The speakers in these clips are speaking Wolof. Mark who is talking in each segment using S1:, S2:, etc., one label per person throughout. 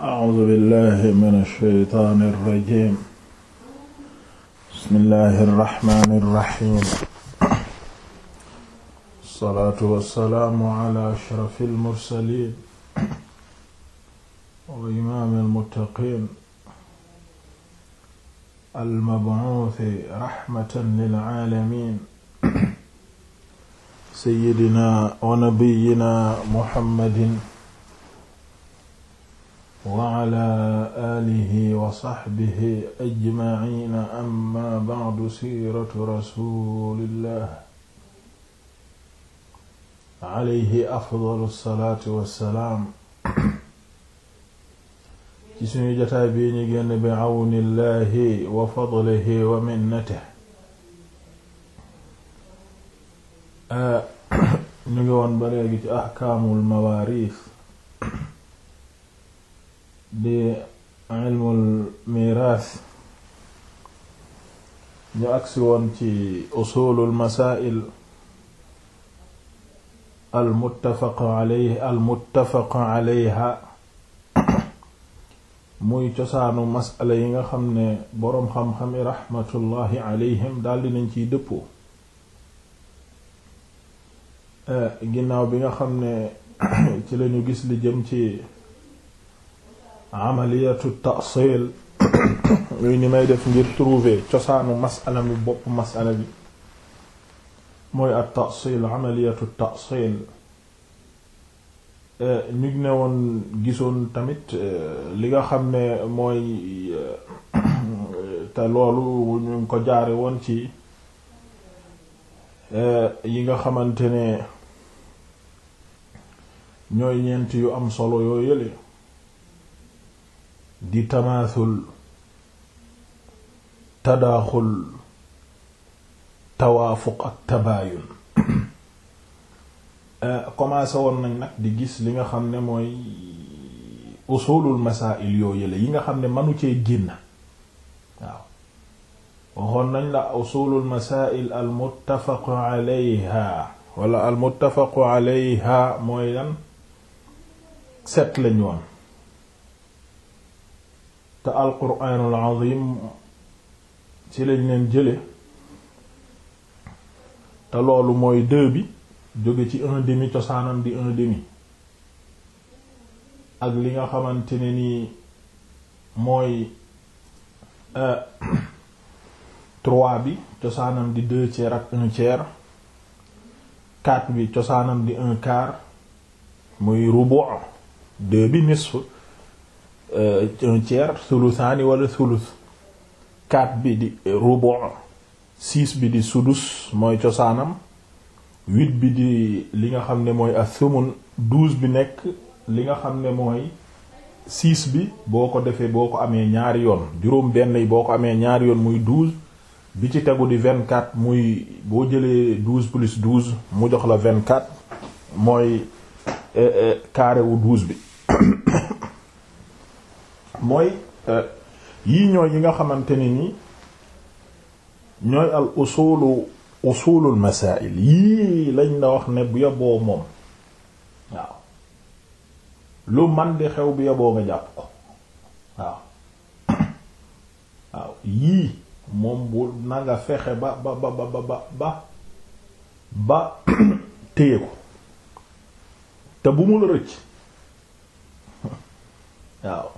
S1: أعوذ بالله من الشيطان الرجيم بسم الله الرحمن الرحيم الصلاة والسلام على أشرف المرسلين وإمام المتقين المبعوث رحمة للعالمين سيدنا ونبينا محمد wala alihi wa saxbihi ajmaciina amma bacdu siiratu rasulillah alayhi afdalu salaatu wassalaam ci suñu jotaay bii ñu génn bi cawni llahi wa fadlihi wa minnatihi ah, ñu ngi woon ba léegi ci axkaamul mawaariis di ilmul ñu agsi woon ci usulul masaa'il al muttafaq al muttafaq alayha muy cosaanu masala yi nga xam ne boroom xam-xami raxmatullahi alayhim daldi nañ ciy dëppoo eh, ginnaaw bi nga xam ne ci lañu gis li jëm ci amaliyatu tasil yooyu ni may def ngir trouver cosaanu masala mi bopp masala bi mooy at tasil amaliyatu tasil eh, ñu ne woon gisoon tamit eh, li nga xam ne mooy eh, te loolu ñu ngi ko jaare woon ci yi nga xamante ne ñooy ñeent yu am solo yoo yële di tamaasul tadaaxul tawaafuq ak tabaayun eh, commencé woon nañ nag di gis li nga xam ne mooy usulul masail yoo yële yi nga xam ne manu cee génn waaw waxoon nañ la usulul masail al muttafaqu alayha wala al muttafaqu alayha mooy lan set lañ woon te alquraanul azim ci lañ leen jële te loolu mooy deux bi jóge ci un demi cosaanam di un demi ak li nga xamante ne nii mooy euh, trois bi cosaanam di deux tiers ak un tiers bi cosaanam di un quart muy rubu deux bi nisf Euh, un tiers sulusaani wala sulus quatre bi di eh, rubu six bi di sudus mooy cosaanam huit bi di li nga xam ne mooy asumun douze bi nekk li nga xam ne mooy six bi boo ko defee boo ko amee ñaari yoon juróom benn yi boo ko amee ñaari yoon muy douze bi ci tegu di vingt quatre muy boo jëlee douze plus douze mu jox la vingt quatre mooy eh, eh, carré wu douze bi mooy euh, yii ñooy yi nga xamante ne ni ñooy al usulu usulul masail yii lañ la wax ne bu yoboo moom waaw lu man di xew bu yoboo nga jàpp ko waaw waaw yii moom bu na fexe ba ba ba ba ba ba ko te bu mu la rëcc waaw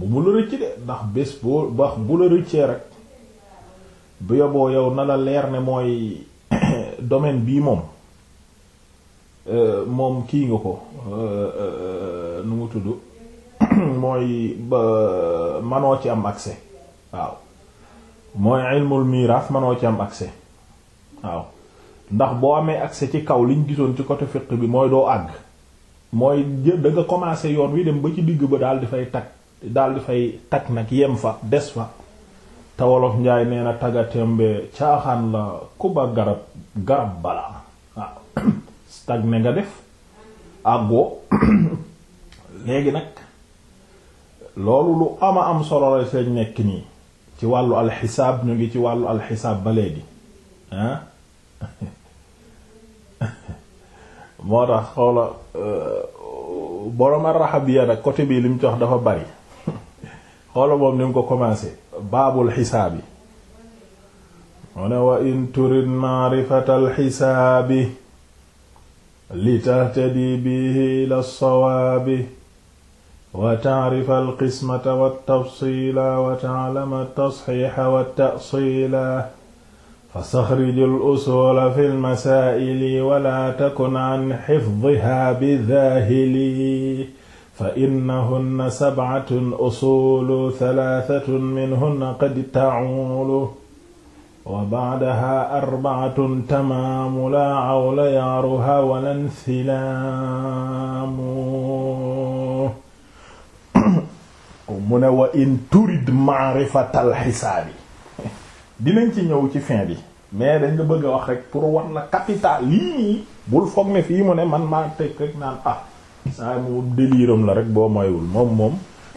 S1: bu mu la rëcc de ndax bés boo wax bu la rëccee rek bu yoboo yow na la leer ne mooy domaine bii moom euh, moom kii nga ko euh, euh, nu mu tudd mooy ba manoo ci am accès waaw mooy ilmul miraas manoo ci am accès waaw ndax boo amee accès ci kaw liñ gisoon ci côté fiqh bi mooy doo àgg mooy jë danga commencé yoon wi dem ba ci digg ba daal di fay tag daal di fay tag nag yem fa des fa te wolof njaay nee na tagatembe caaxaan la ku garab garab balaa waaw ne nga def àggoo léegi nag loolu lu ama am solo la seen nekk nii ci wàllu alxisaab ñu ngi ci wàllu alxisaab ba léegi ah moo tax xoola euh, borom arraxabiya nag côté bii li jox dafa bari xoola boobu ni mu ko commencé baabul xisaabi mu ne wa in turid maarifata alxisaabi li tahtadi bihi ila lsawaabi wa taarifa alqismata waltafsila wa taalama altasxiixa waltasila fa staxrij alusula fi lmasaa'ili wala takun an xifdiha bidaahili fa innahunna sab'atun usulu thalathatun minhunna qad ta'ulu wa ba'daha arba'atun tamaamu laa hawla ya'ruha wa laa inthilaamu mu ne wa in turid ma'rifatal xisaabi dinañ ci ñëw ci fin bi mais dañ la bëgg a wax rek pour war na capital lii bul foog ne fii mu ne man maa teg rek naan ah saa moom déliram la rek boo moywul moom moom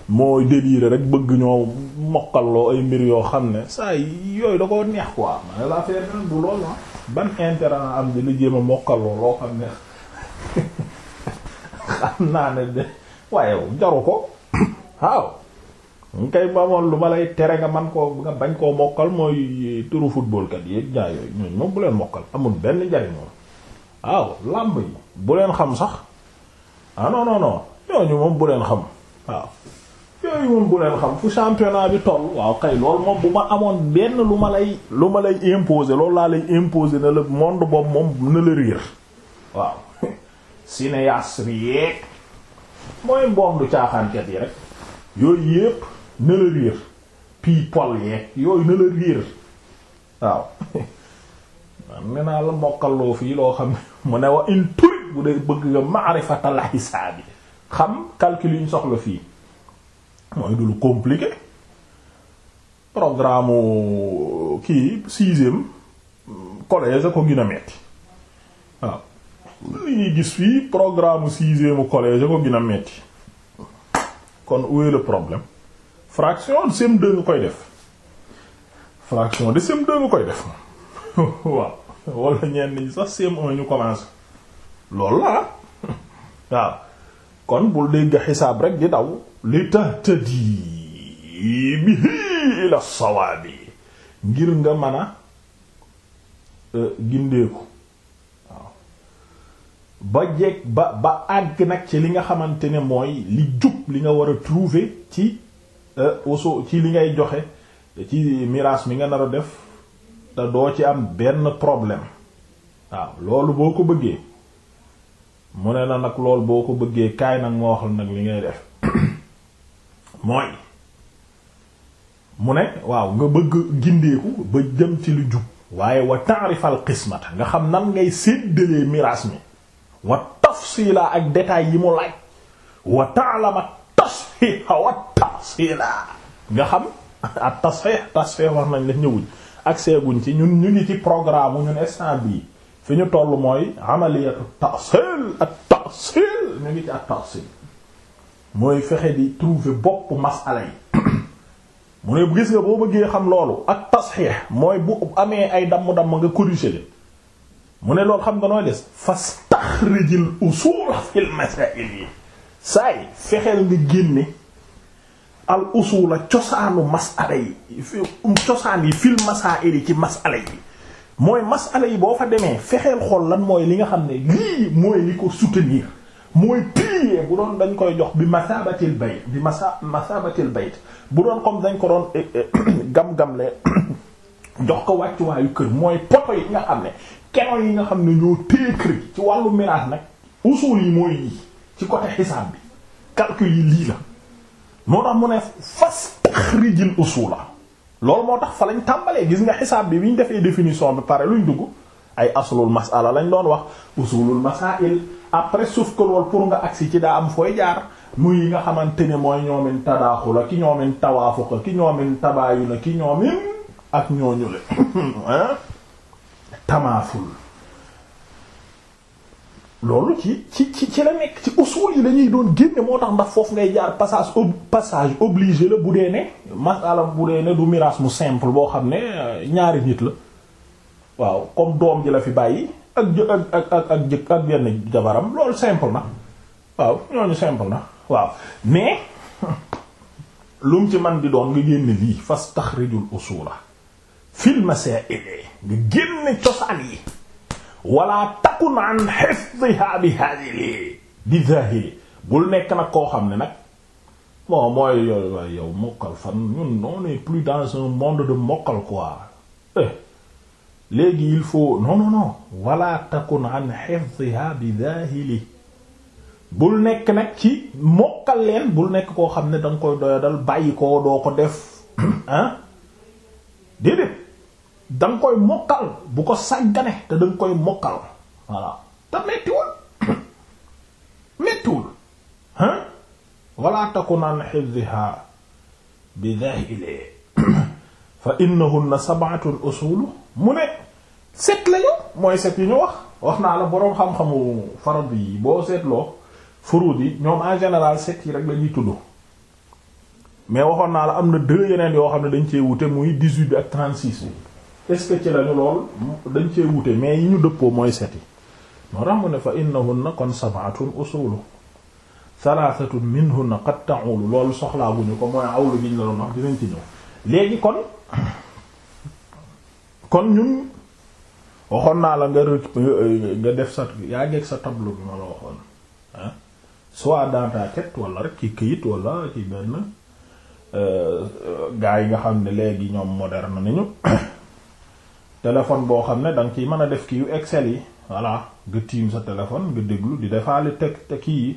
S1: mooy délire rek bëgg ñoo moqalloo ay mbir yoo xam ne saa yooyu da ko neex ko ma ne la affaire bi ah, loo xam ne naa ne de jaru ko waaw ñu lu ma lay tere man koo nga bañ koo mokkal mooy turu football kat yéeg ñaa yooyu ñooñu moom bu leen mokkal amul benn njariñ waaw làmb yi bu leen xam sax ah non non moom bu leen xam waaw yooyu moom bu leen xam fu championnat bi toll waaw kay loolu moom bu ma amoon benn lu ma lay lu ma lay imposer loolu laa lay imposer na la monde boobu moom na la réer waaw cinéaste yeeg mooy la réer loo fii loo xam mu ne wa in yépp bu dee bëgg nga maarifatal xisaabi xam calcul yu ñu soxla fii mooy du lu compliqué programme euh, kii sixième euh, collège ko gën metti waaw li ñuy gis fii programme sixième collège ko gën metti kon où est le problème fraction de cm koy def fraction de CM2 koy def waaw wala ñenn ñi sax CM1 ñu commencé. loolu la waaw kon bu dégg xisaab rek di daw li tahtadi bihi ila sawaabi ngir nga mën a e, gindeeku waaw ba jeg ba ba àgg nag ci li nga xamante ne mooy li jub li nga war a trouver ci usu e, ci li ngay joxe ci miraas mi nga nar a def te doo ci am benn problème waaw loolu boo ko bëggee mu ne na nag lool boo ko bëggee kaay nag moo waxal nag li ngay def mooy mu ne waaw nga bëgg gindeeku ba jëm ci lu jub waaye wa ta'rifal qismata nga xam nan ngay séddalee miraas mi wa tafsila ak détail yi mu laaj wa ta'lama tasfiha wa tafsila nga xam ak tasfih tasfih wax nañ la ñëwuñ ak seeguñ ci ñun ñu ngi ci programme ñun instant bii fi ñu toll mooy amaliyatu tahsil at tahsil ñu ngi ci at mooy fexe di trouver bopp masala yi mu ne gis nga boo bëggee xam loolu ak tasxiix mooy bu amee ay damm-damm nga corriger leen mu ne loolu xam nga nooy des fastaxrijil usul fil masaa'il yi saay fexeel nga génne al usula cosaanu masala yi cosaan yi fil masaa'il yi ci masala yi mooy masala yi boo fa demee fexeel xool lan mooy li nga xam ne lii mooy li ko soutenir mooy pilier bu doon dañ koy jox bi masabatil bayt bi masa masabatil bayt bu doon comme dañ ko doon eh, eh, gam-gam le jox ko wàccuwaayu kër mooy poto yi nga xam ne keno yi nga xam ne ñoo téye kër gi ci wàllu miraas nag usul yi mooy lii ci côté xisaab bi calcul yi lii la moo tax mu ne fastaxrijil usula loolu moo tax fa lañ tàmbalee gis nga xisaab bi bi ñu defee définition bi pare luñ dugg ay aslul masala lañ doon wax usulul masail après suuf ko lool pour nga agsi ci daa am fooy jaar muy yi nga xamante ne mooy ñoomin tadaaxula ki ñoomin tawaafuqa ki ñoomin na ki ñoomin ak ñooñu le tamaaful loolu ci ci ci ci la nekk ci usul yi lañuy doon génne moo tax ndax foofu ngay jaar passage passage obligé la bu dee ne masalam bu dee ne du miraas mu simple boo xam ne euh, ñaari nit la waaw comme doom ji la fi bàyyi ak ak ak ak jëkk ak yenn jabaram loolu simple na waaw ñooñu simple na waaw mais lu mu ci man di doon nga génne lii fastaxrijul usula fil masaa'il nga génne cosaan yi wala takun an hifdhiha bi hadili bi zahili bul nekk nag koo xam ne nag bon mooy yow yow mokkal fan ñun on est plus dans un monde de mokkal quoi eh, léegi il faut non non non wala an hifdhiha bi zahili bul nekk nag ci mokkal leen bul nekk koo xam ne danga koy doyadal bàyyi ko doo ko def ah déedéet da nga koy mokkal bu ko sàggane te da koy mokkal voilà te mettiwul mettiwul hein wala takunan hifdhiha bi jahili fa innahunna sab'atul usul mu ne set lañu mooy set yu ñu wax wax naa la boroom xam-xamu farad yi boo seetloo furuud yi ñoom en général set yi rek la ñuy tudd mais waxoon naa la am na deux yeneen yoo xam ne dañ cee wute muy dix-huit bi ak trente est-ce ci lañu lool dañ cee wute mais yi ñu dëppoo mooy seti moo tax mu ne fa innahunna kon sab'atun usulu thalathatun minhunna qad ta'ulu loolu soxlaa bu ñu ko mooy awlu gi ñu la doon wax dinañ ci ñëw léegi kon kon ñun waxoon naa la nga def sa yaa ngeeg sa tableau bi ma la waxoon ah soit dans ta tête wala rek ci këyit wala ci benn euh, gaa yi nga xam ne léegi ñoom moderne nañu téléphone boo xam ne da nga ciy mën a def kii yu Excel yi voilà nga tiim sa téléphone nga déglu di defaale teg te kii yi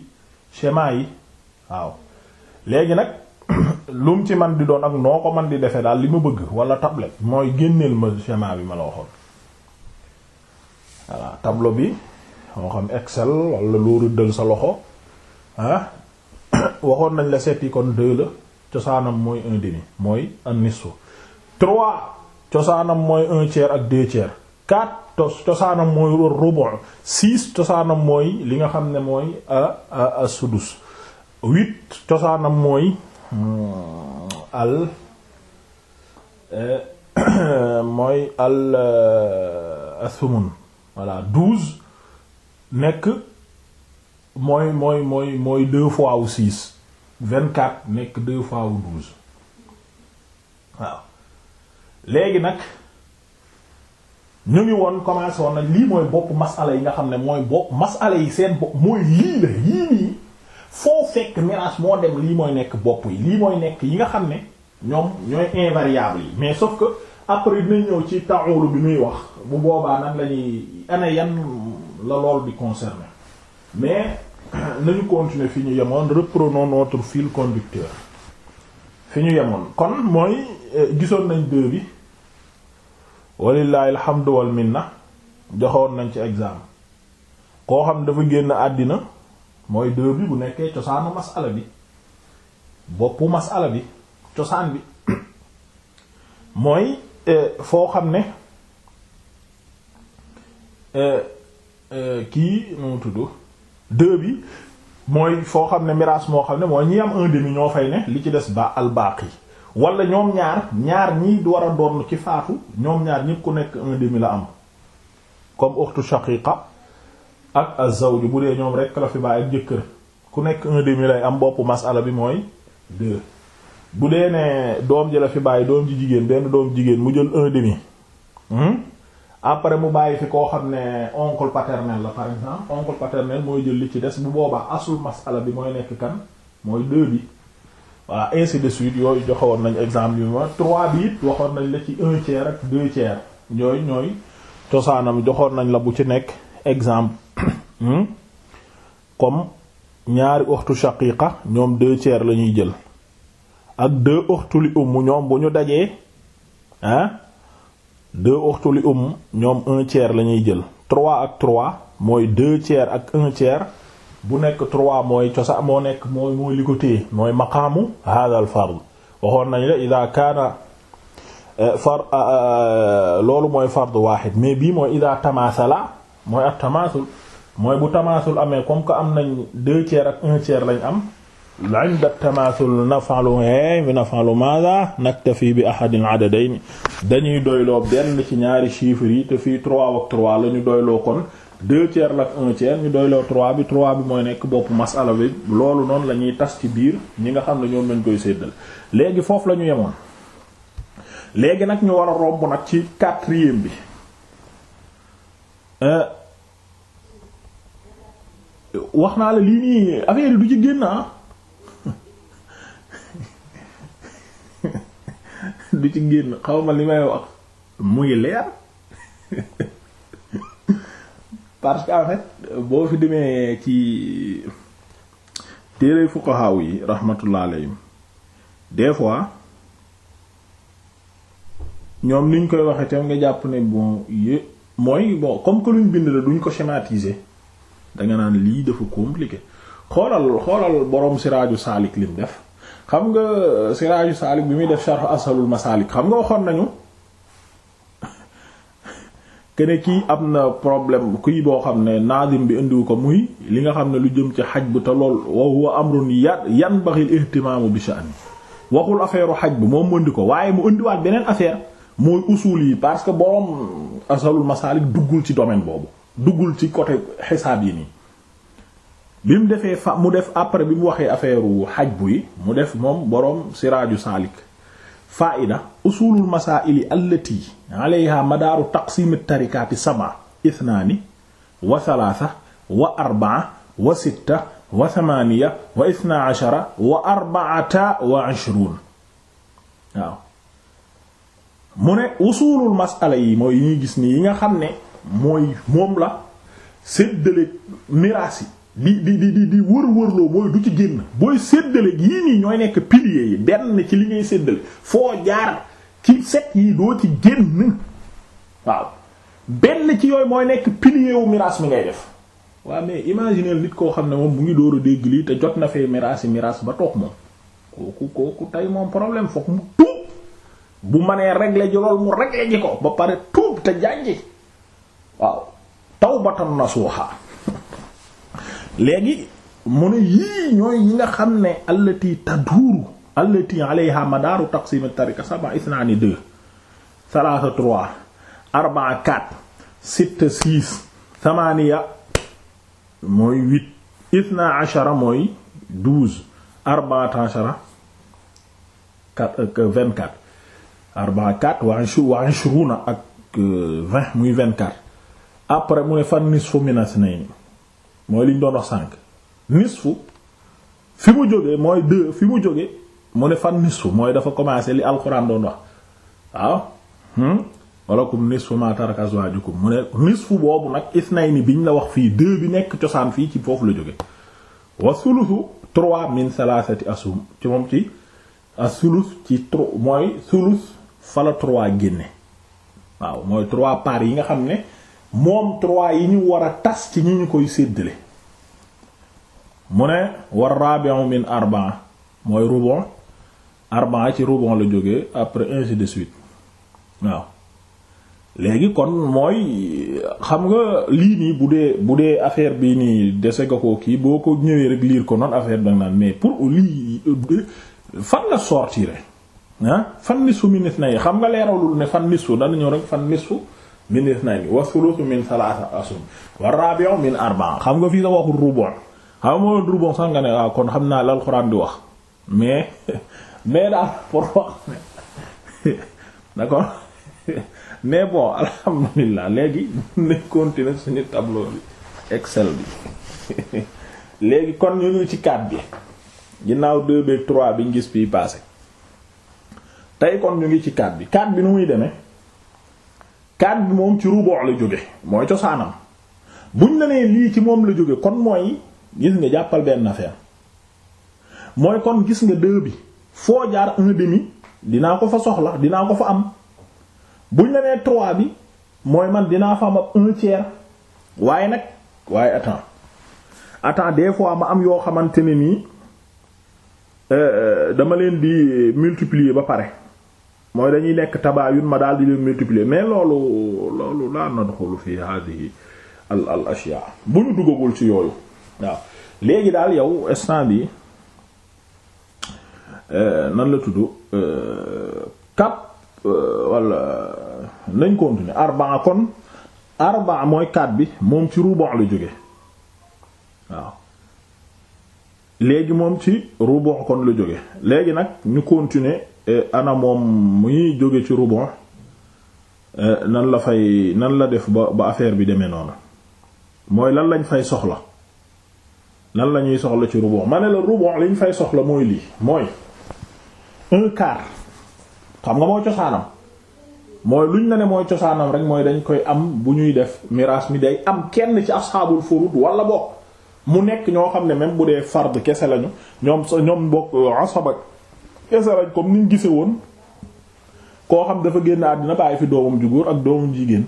S1: schéma yi waaw léegi nag lu ci man di doon ak noo ko man di defe daal li ma bëgg wala tablette mooy génneel ma schéma bi ma la waxoon voilà tableau bi moo xam Excel wala loo rëddal sa loxo ah waxoon nañ la seeti kon deux la cosaanam mooy un mooy un trois cosaanam mooy un tiers ak deux tiers quatre cosaanam mooy rubu' six cosaanam mooy li nga xam ne mooy a sudus huit cosaanam mooy hmm, al e, mooy al e, asumun voilà douze nekk mooy mooy mooy mooy deux fois ou six vingt-quatre nekk deux fois ou douze waaw léegi nag ñu ngi woon commencé woon nag lii mooy bopp masala yi nga xam ne mooy bopp masala yi seen bopp mooy lii la yii nii foo fekk miraas moo dem lii mooy nekk bopp yi lii mooy nekk yi nga xam ne ñoom ñooy invariable yi mais sauf que après dinañ ñëw ci taxawlu bi muy wax bu boobaa nan la ñuy ana yan la lool di concerné mais nañu continuer fi ñu yemoon reprenons notre fil conducteur fi ñu yemoon kon mooy. gisoon nañ deux bi walillahi alhamdu wal minna joxoon nañ ci exemple koo xam dafa génn àddina mooy deux bi bu nekkee cosaanu masala bi boppu masala bi cosaan bi mooy eh, foo xam ne eh, eh, kii nu tudd deux bi mooy foo xam ne miraas moo xam ne mooy ñi am un ñoo fay ne li ci des ba al baaqi wala ñoom ñaar ñaar ñii war a doon ci faatu ñoom ñaar ñépp ku nekk un demi la am comme uxtu shaqiqa ak az-zawj bu dee ñoom rekk la fi bàyyi ak jëkkër ku nekk un lay am boppu masala bi mooy deux bu dee ne doom ji la fi bàyyi doom ji jigéen benn doom jigéen mu jël un demi hmm? après mu bàyyi fi koo xam ne oncle paternel la par exemple oncle paternel mooy jël li ci des bu boobaa asul masala bi mooy nekk kan mooy deux bi voilà ainsi de suite yooyu joxewoon nañ exemple yu ma trois bi it waxoon nañ la ci un tiers ak deux tiers ñooy ñooy cosaanam joxoon nañ la bu ci nekk exemple hmm? comme ñaari oxtu shaqiqa ñoom deux tiers la ñuy jël ak deux oxtu li umm ñoom bu ñu dajee ah deux oxtu li umm ñoom un tiers la ñuy jël trois ak trois mooy deux tiers ak un tiers bu nekk trois mooy cosa moo nekk mooy mooy mooy maqaamu hada al fard waxoon nañ la ida kaana eh, eh, eh, loolu mooy fard waaxid mais bii mooy ida tamasala mooy ak tamasul mooy bu tamasul amee comme que am nañ deux tiers ak un tiers lañ am inda tamasul nafalu e nafalu madha naktafi bi ahadil adadayn dañuy doyloo benn ci ñaari chiffres yi te fii trois ak trois lañu doyloo kon deux tiers la ak un tiers ñu doyloo trois bi trois bi mooy nekk bopp masala bi loolu noonu la ñuy tas ci biir ñi nga xam ne ñoom lañ koy séddal léegi foofu la ñu yemoon léegi nag ñu war a romb nag ci quatrième bi euh, wax naa la lii nii affaire du ci génn ah du ci génn xaw ma li may wax muy leer parce que en fait boo fi demee ci téere fuqaha yi rahmatullah alayhim des fois ñoom ni ñu koy waxee tam nga jàpp ne bon yé mooy bon comme que luñ bind la duñ ko schématiser danga naan lii dafa compliqué xoolal xoolal si borom siraaju li mu def xam nga siraaju saalik bi muy def sharh asalul masaalik xam nga waxoon nañu. kene kii am na problème kii boo xam ne nazim bi indiwu ko muy li nga xam ne lu jëm ci xaj bu te lool wa huwa amrun ya yan baxil ihtimaamu bi sha'ni waxul affaire xaj bu moom mu indi ko waaye mu indiwaat beneen affaire mooy usul yi parce que borom asalul masaalik duggul ci domaine boobu duggul ci côté xisaab yi nii bi mu defee fa mu def après bi mu waxee affaire xaj bu yi mu def moom boroom borom rajo saalik faida usulul masaa'ili allati alayha madaaru taqsiim at-tarikaati sab'a ithnaani wa wa arba'a wa wa wa wa waaw mu ne usulul masala yi mooy yi nga xam ne mooy moom la séddale miraas yi di di di di wër wërloo mooy du ci génn booy séddale yii nii ñooy nekk piliers yi benn ci li ngay séddale foo jaar ci set yi doo ci génn waaw benn ci yooyu mooy nekk pilier wu miraas mi ngay def waaw mais imagineel nit koo xam ne moom mu ngi door a dégg lii te jot na fee miraas yi miraas ba toog moom kooku kooku tey moom problème fokk mu tuub bu mënee régler ji lool mu régler ji ko ba pare tuub te jàngi waaw tawbatan nasuha léegi mu ne yii ñooy yi nga xam ne allati taduuru allati alayha madaaru taqsim tarika sab'a isnaani deux salaasa trois arbaa quatre sitta six thamaniya mooy huit isna ashara mooy douze arbaa ashara vingt quatre arbaa quatre wa ashruna ak euh, vingt muy vingt quatre après mu ne fan nisfu minas nay mooy li ñu doon wax sànq fi mu jógee mooy deux fi mu jógee mu ne fan nisfu mooy dafa commencé li alxuraan doon wax waaw hmm? walakum nisfu ma taraka azwajukum mu ne nisfu boobu nag isnayni biñ la wax fii deux bi nekk cosaan fii ci foofu la jóge wa sulusu trois min salasati asum ci moom ci asulus ci trois mooy sulus fala trois génne waaw mooy trois parts yi nga xam ne moom trois yi ñu war a tas ci ñu ñu koy séddale mu ne war rabi'u min arba'a mooy rubu' arbaa ci ruban la jóge après ainsi de suite waaw léegi kon mooy xam nga lii nii bu dee bu dee affaire bii nii dese nga ko kii boo ko ñëwee rek liir ko noonu affaire danga naan mais pour lii fan la sortire ah fan nisfu min isnayni xam nga leeralul ne fan nisfu dana ñëw rek fan nisfu min nañ wa thuluthu min thalatha asum wa rabi'u min arba'a xam nga fii sa waxul rubu' xam nga rubu' sax nga ne waaw ah, kon xam naa la alxuraan di wax mais mais daal pour wax d'accord mais bon alhamdulilah léegi nañ continuer suñu tableau bi Excel bi léegi kon ñu ngi ci 4 bi ginnaaw 2 bi 3 bi ñu gis bii passé tey kon ñu ngi ci 4 bi 4 bi nu muy demee 4 bi moom ci rubox la jóge mooy cosaanam buñ la nee lii ci moom la jóge kon mooy gis nga jàppal benn affaire mooy kon gis nga 2 bi. foo jaar un demi dinaa ko fa soxla dinaa ko fa am buñ la nee trois bi mooy man dinaa fa am ab un tiers waaye nag waaye attends attends des fois ma am yoo xamante ne nii euh, euh, dama leen di multiplier ba pare mooy dañuy nekk tabaayun ma daal di leen multiplier mais loolu loolu laa nadxulu fi hadhihi al al ashya bu ñu duggagul ci yooyu waaw léegi daal yow instant bi Euh, nan la tudd kap euh, euh, walla nañ continuer arbaa kon arbaa mooy kat bi moom ci ruban lu jóge waaw léegi moom ci ruban kon lu jóge léegi nag ñu continuer ana moom muy jóge ci ruban nan la fay nan la def ba ba affaire bi demee noonu mooy lan lañ fay soxla nan la ñuy soxla ci ruban ma ne la ruban liñ fay soxla mooy lii mooy un quart xam nga mooy cosaanam mooy lu la ne mooy cosaanam rek mooy dañ koy am bu ñuy def miraas mi day am kenn ci asxaabul furud wala bokk mu nekk ñoo xam ne même bu dee fard kese lañu ñoom sa ñoom bokk euh, asaba kese lañ comme niñ gise woon koo xam dafa génn àddina bàyyi fi doomam ju ak doomam jigéen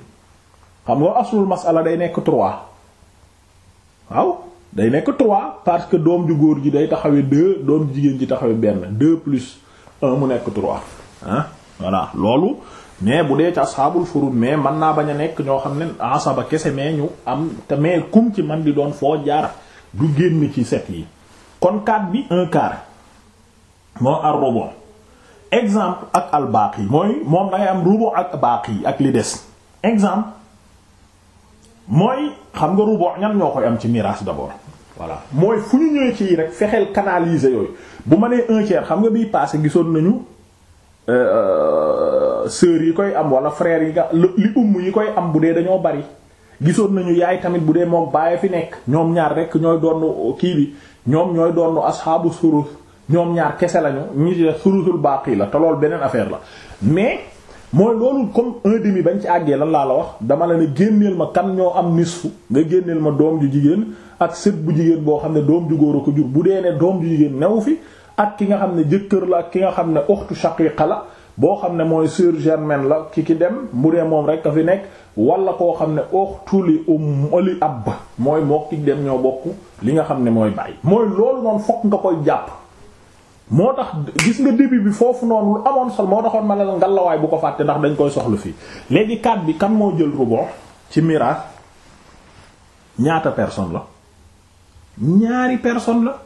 S1: xam nga aslul masala day nekk trois waaw day nekk trois parce que doom ju góor ji day taxawee deux doom jigéen ji taxawee benn plus un mu nekk trois ah voilà loolu mais bu dee ci asxaabul furud mais mën naa bañ a nekk ñoo xam ne asaba kese mais ñu am te mais kum ci man di doon foo jaar du génn ci set yi kon quatre bi un quart moo ar rubu exemple ak al yi mooy moom dangay am rubu ak yi ak li des exemple mooy xam nga rubu ñan ñoo koy am ci miraas d'abord voilà mooy fu ñu ñëwee ci rek fexeel canaliser yooyu bu ma nee un tiers xam nga bii passé gisoon nañu euh, euh, sœurs yi koy am wala frères yi nga li umm yi koy am bu dee dañoo bari gisoon nañu yaay tamit bu dee moom bàyyi fi nekk ñoom ñaar rekk ñooy doon kii bi ñoom ñooy doon asxaabu surus ñoom ñaar kese lañu ñi ci surusul yi la te loolu beneen affaire la mais mooy loolu comme un demi bañ ci àggee lan laa la wax dama la ne génneel ma kan ñoo am nisfu nga génneel ma doom ju jigéen ak sët bu jigéen boo xam ne doom ju góor ko jur bu dee ne doom ju jigéen newu fi at ki nga xam ne jëkkër la ak ki nga xam ne uxtu shaqiqa la boo xam ne mooy sœur germaine la ki ki dem bu dee moom rek a fi nekk walla koo xam ne uxtu li um li ab mooy moo ki dem ñoo bokk li nga xam ne mooy bàyyi. mooy loolu noonu fokk nga koy jàpp moo tax gis nga début bi foofu noonu amoon sol moo taxoon ma ne la ngallaawaay bu ko fàtte ndax dañ koy soxla fii léegi kat bi kan moo jël rubo ci miraas ñaata personne la. ñaari personne la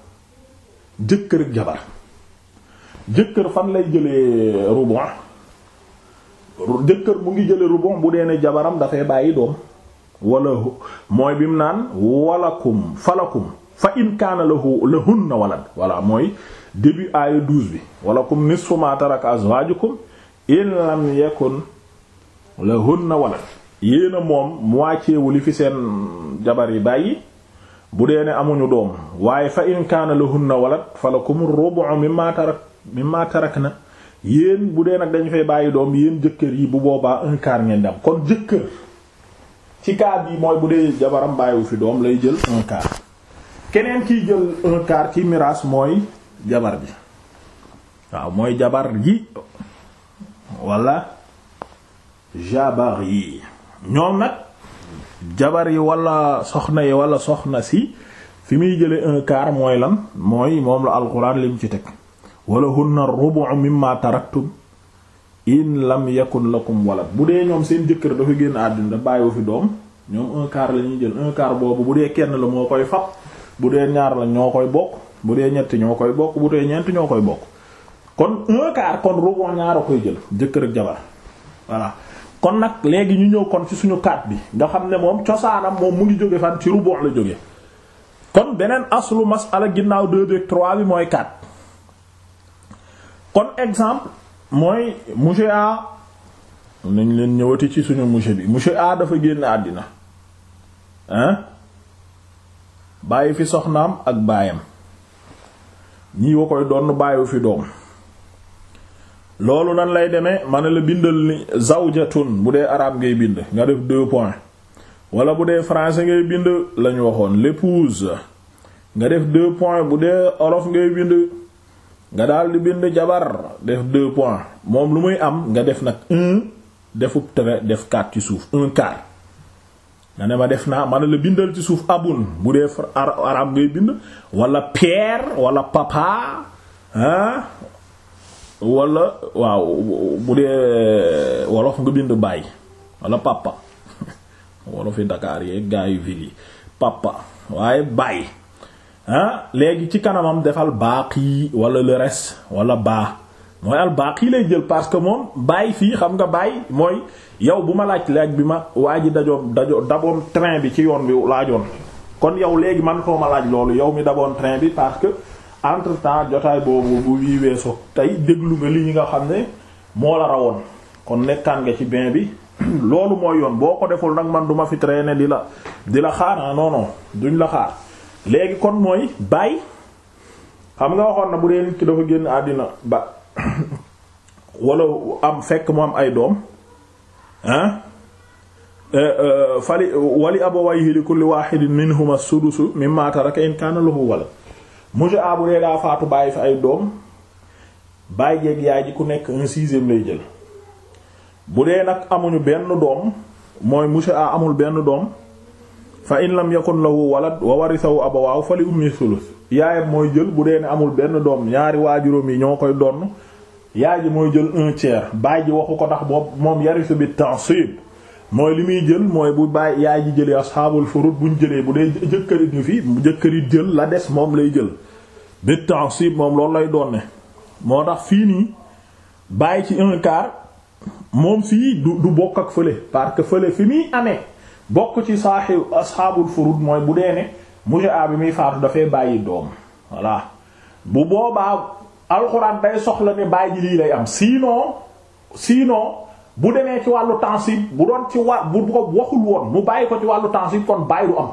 S1: jëkkër ak jabar jëkkër fan lay jëlee rubu jëkkër mu ngi jële rubu bu dee ne jabaram dafay bàyyi doom wala mooy bi mu naan walakum falakum fa in kaana lahu lahunna walad wala mooy début aaya douze bi walakum nisfu ma taraka azwajukum in lam yakun lahunna walad yéena moom moitié wu fi seen jabar yi bàyyi bu dee ne amuñu doom waaye fa in kaana lahunna walad falakum rubu'u mimma tarak mimma tarakna yéen bu dee nag dañu fay bàyyi doom yéen jëkkër yi bu boobaa un quart ngeen dem kon jëkkër ci cas bi mooy bu dee jabaram bàyyiwu fi doom lay jël un quart keneen kiy jël un ci miraas mooy jabar bi waaw mooy jabar yi walla jabar yi ñoom nag jabar yi walla soxna yi wala soxna si fi muy jële un quart mooy lan mooy moom la alquran lim ci teg wala hunna rubu'u mimma taraktum in lam la lakum walad bu dee ñoom seen jëkkër dafa génn àddina bàyyiwu fi doom ñoom un quart la ñuy jël un boobu bu dee kenn la moo koy fab bu dee ñaar la ñoo koy bokk bu dee ñetti ñoo koy bokk bu dee ñeent ñoo koy bokk kon un kon rubu ñaar a koy jël jëkkër ak jabar voilà kon nag léegi ñu ñëw kon ci suñu kaat bi nga xam ne moom cosaanam moom mu ngi jóge fan ci rubu la jóge kon beneen aslu masala ginnaaw 2 de 3 bi mooy 4 kon exemple mooy monsieur A nañ leen ñëwati ci suñu monsieur bi monsieur A dafa génn àddina hein bàyyi fi soxnaam ak baayam ñii wa koy doon bàyyiwu fi doom loolu nan lay demee ma ne la bindal ni zawjatun bu dee arabe ngay bind nga def deux points wala bu dee français ngay bind lañu waxoon l'épouse nga def deux points bu dee olof ngay bind nga daal di bind jabar def deux points moom lu muy am nga def nag un defub trait def quatre ci suuf un quart nga ne ma def naa ma ne la bindal ci suuf abun bu dee arabe ngay bind walla père walla papa ah wala waaw bu dee eh, wolof nga bind baay wala papa wolofi ndakaar yeeg gaa yu ville yi waaye baay ah léegi ci kanamam defal baaqi wala le reste wala baa mooy al baaqi lay jël parce que moom bàyyi fii xam nga baay mooy yow bu ma laaj laaj bi ma waa ji dajoo dajo daboon train bi ci yoon bi laajoon kon yow léegi man koo ma laaj loolu yow mi daboon train bi parce que. entre temps jotaay boobu bu wii weesoo tey déglu nga li ñi nga xam ne moo la rawoon kon nekkaan nga ci bain bi loolu mooy yoon boo ko deful nag man du ma fi traîner di la di la xaar ah, non non duñ la xaar léegi kon mooy bàyyi xam nga waxoon na bu dee nit ki dafa génn àddina ba wala am fekk mu am ay doom ah eh, eh, fali wali abawayhi li kulli wahidin minhuma sudusu mimma taraka in kana lahu walad monsieur A bu dee daa faatu bàyyi fi ay doom bàyyi jeeg yaay ji ku nekk un sixième lay jël bu dee nag amuñu benn doom mooy monsieur A amul benn doom fa in lam yakun lahu walad wa warithahu abawaahu fa li ummi sulus yaayam mooy jël bu dee ne amul benn doom ñaari waa waajuróom yi ñoo koy donn yaay ji mooy jël un tiers baay ji waxu ko tax boobu moom yarisu bi tansib mooy li muy jël mooy bu bàyyi yaay ji jëlee asxaabul furud buñ jëlee bu dee jëkkërit ñu fi jëkkërit jël la des moom lay jël bi tansib moom loolu lay doon ne moo tax fii nii bàyyi ci un moom fii du bokk ak fële parce que fële fi muy amee bokk ci saaxi asxaabul furud mooy bu dee ne monsieur A bi muy faatu dafay bàyyi doom voilà bu boobaa alxuraan day soxla ne bàyyi ji lii lay am sinon sinon. bu demee ci wàllu tansib bu doon ci waa bu ko waxul woon mu bàyyi ko ci wàllu tansib kon bàyyi du am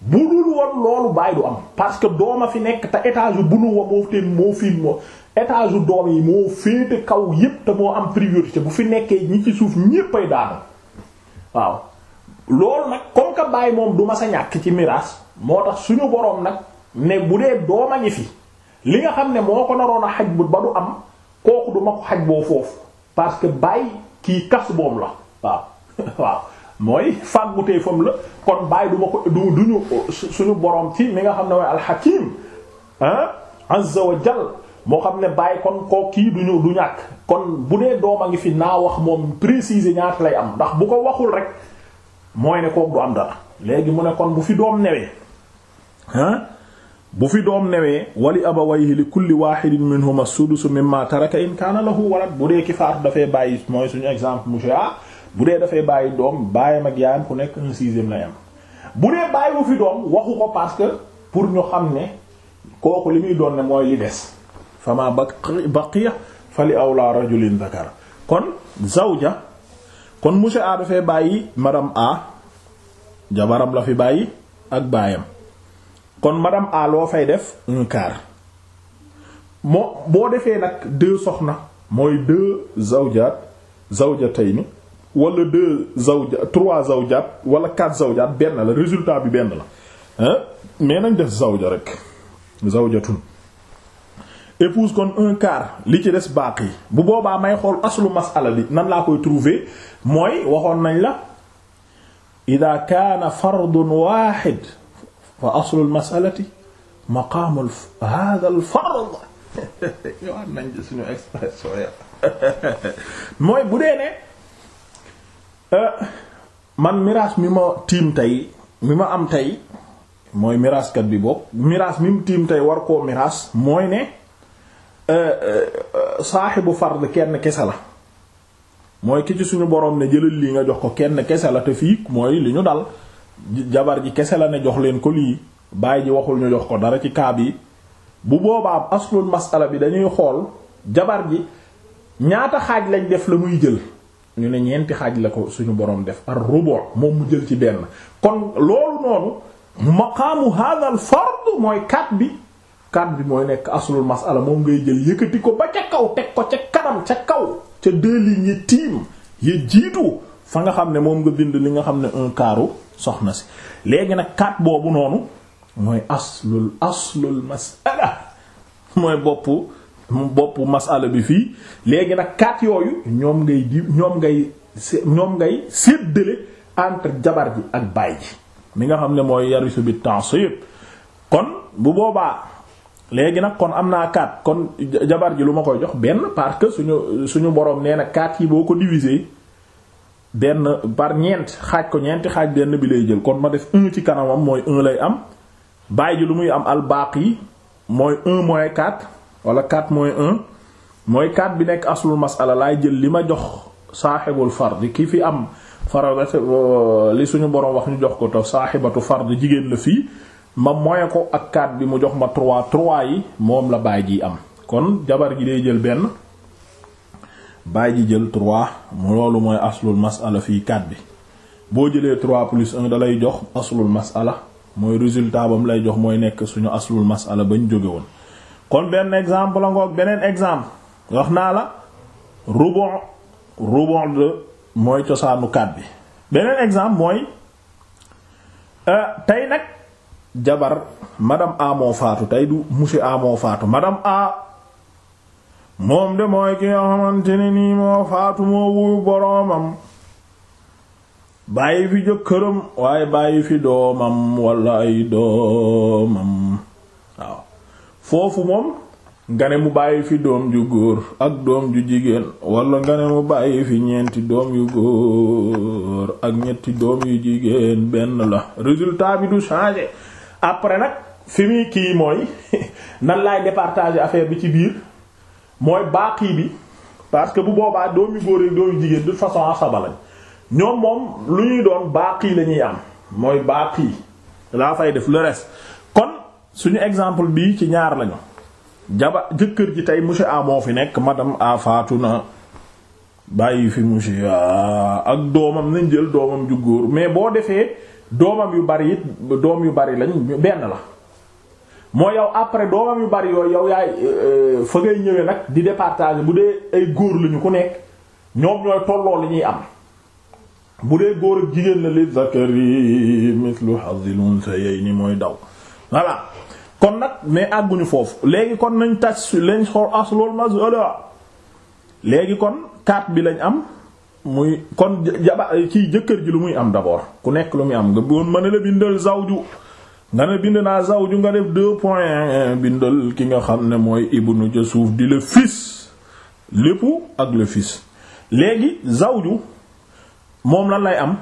S1: bu dul woon loolu bàyyi du am parce que doom a fi nekk te étage yu bunu wa moo teen moo fi moo étage doom yi moo féete kaw yépp te moo am priorité bu fi nekkee ñi ci suuf ñéppay daanu waaw loolu nag comme que bàyyi moom du ma sa ñàkk ci miraas moo tax suñu boroom nag ne bu dee a ngi fi li nga xam ne moo ko naroon a xaj bu ba du am kooku du xaj boo foofu parce que bàyyi kii kas boom la waaw waaw mooy fàggutee fam la kon bàyyi du ma ko du duñu suñu borom ci mi nga xam ne mooy alxakim ah azza wa jal moo xam ne bàyyi kon koo kii du ñu du ñàkk kon bu dee doom a ngi fi naa wax moom préciser ñaata lay am ndax bu ko waxul rek mooy ne kook du am dara léegi mu ne kon bu fi doom newee ah, bu fi doom newee wali abawayhi li kulli wahidin minhuma su mimma taraka in kaana lahu walad bu dee ki faatu dafay bàyyi mooy suñu exemple monsieur A bu dee dafay bàyyi doom bàyyam ak yaayam ku nekk un sixième lay am bu dee bàyyi bu fi doom waxu ko parce que pour ñu xam ne kooku li muy doon ne mooy li des fa baqiya aw awla rajulin dhakar kon zawja kon monsieur A dafay bàyyi madame A jabaram la fi bàyyi ak baayam kon madame A loo fay def un quart moo boo defee nag deux soxna mooy deux zawjaat zawjatayni wala deux zawja trois zawjaat wala quatre zawjaat benn la résultat bi benn la hein nañ def zawja rek zawjatun épouse kon un quart li ci des baaq yi bu boobaa may xool aslu masala bi nan laa koy trouver mooy waxoon nañ la ida kaana fardun wahid wa aslul masalati maqaamul haadal fard yow am nañ suñu expression ya mooy bu dee ne euh, man miraas mi ma tiim tey mi ma am tey mooy miraaskat bi bopp miraas mi mu tiim tey war koo miraas mooy ne euh, euh, saaxibu fard kenn kese la mooy ki ci suñu borom ne jëlal lii nga jox ko kenn kese la te fii mooy li ñu dal jabar ji kese la ne jox leen ko lii bàyyi ji waxul ñu jox ko dara ci kaab yi bu boobaa aslul masala bi dañuy xool jabar ji ñaata xaaj lañ def la muy jël ñu ne ñeenti xaaj la ko suñu borom def ar rubu' moom mu jël ci benn kon loolu noonu maqaamu hadha al fard mooy kat bi kat bi mooy nekk aslul masala moom ngay jël yëkkati ko ba ca kaw teg ko ca kanam ca kaw ca deux lignes yi tiim ya jiitu fa nga xam ne moom nga bind li nga xam ne un quart soxna si léegi nag kat boobu noonu mooy aslul aslul masala mooy boppu boppu masala bi fii léegi nag kat yooyu ñoom ngay di ñoom ngay ñoom ngay séddale entre jabar ji ak baay ji mi nga xam ne mooy yari yarisu bi yëpp kon bu boobaa léegi nag kon am naa kat kon jabar ji lu ma koy jox benn parce que suñu suñu borom nee nag kat yi boo ko diviser benn par ñeent xaaj ko ñeenti xaaj benn bi lay jël kon ma def un ci kanamam mooy un lay am bàyyi ji lu muy am al yi mooy un moins quatre wala quatre mooy un mooy quatre bi nekk aslul masala laay jël li ma jox saaxibul fard ki fi am farat euh, li suñu borom wax ñu jox ko te far fard jigéen la fii ma moye ko ak quatre bi mu jox ma trois trois yi moom la bàyyi ji am kon jabar gi day jël benn baay ji jël 3 mu loolu mooy aslul masala fii 4 bi boo jëlee trois plus 1 da lay jox aslul masala mooy résultat ba lay jox mooy nekk suñu aslul masala bañ jóge woon kon benn exemple la ngoog beneen exemple wax naa la rubu rubu de mooy cosaanu 4 bi beneen exemple mooy euh, tey nag jabar madame A moo faatu tey du monsieur A moo faatu madame A moom de mooy ki nga xamante ne nii moo faatu wuyu boroomam bàyyi fi jëkkëram waaye bàyyi fi doomam walla ay doomam waaw foofu moom nga ne mu bàyyi fi doom ju góor ak doom ju jigéen walla nga ne mu bàyyi fi ñeenti doom yu góor ak ñetti doom yu jigéen benn la résultat bi du changer après nag fi muy kii mooy nan laay départager affaire bi ci biir mooy baaqi bi parce que bu boobaa doomi góor ak doomi jigéen du façon asaba lañ ñoom moom lu ñuy doon baaqi lañuy am mooy baaqi laa fay def le reste kon suñu exemple bii ci ñaar lañu jaba jëkkër ji tey monsieur A moo fi nekk madame A faatu na bàyyi fi monsieur A ak doomam nañ jël doomam ju góor mais boo defee doomam yu bari it doom yu bari lañ benn la moo yow après doomam yu bari yooyu yow yaay euh, euh, fa ngay ñëwee nag di départager bu dee ay góor lañu ku nekk ñoom ñooy tolloo li ñuy am bu dee góor ak jigéen la li zakari mithlu hazil unsayayni mooy daw voilà kon nag mais àgguñu foofu léegi kon nañ tas lañ xool aslul masala léegi kon kaat bi lañ am muy kon jaba ci jëkkër ji lu muy am d'abord ku nekk lu muy am nga boon mën a la bindal zawju nga ne bind naa zawju nga def deux points bindal ki nga xam ne mooy ibnu ca suuf di la fils l'époux ak le fils léegi zawju moom lan lay am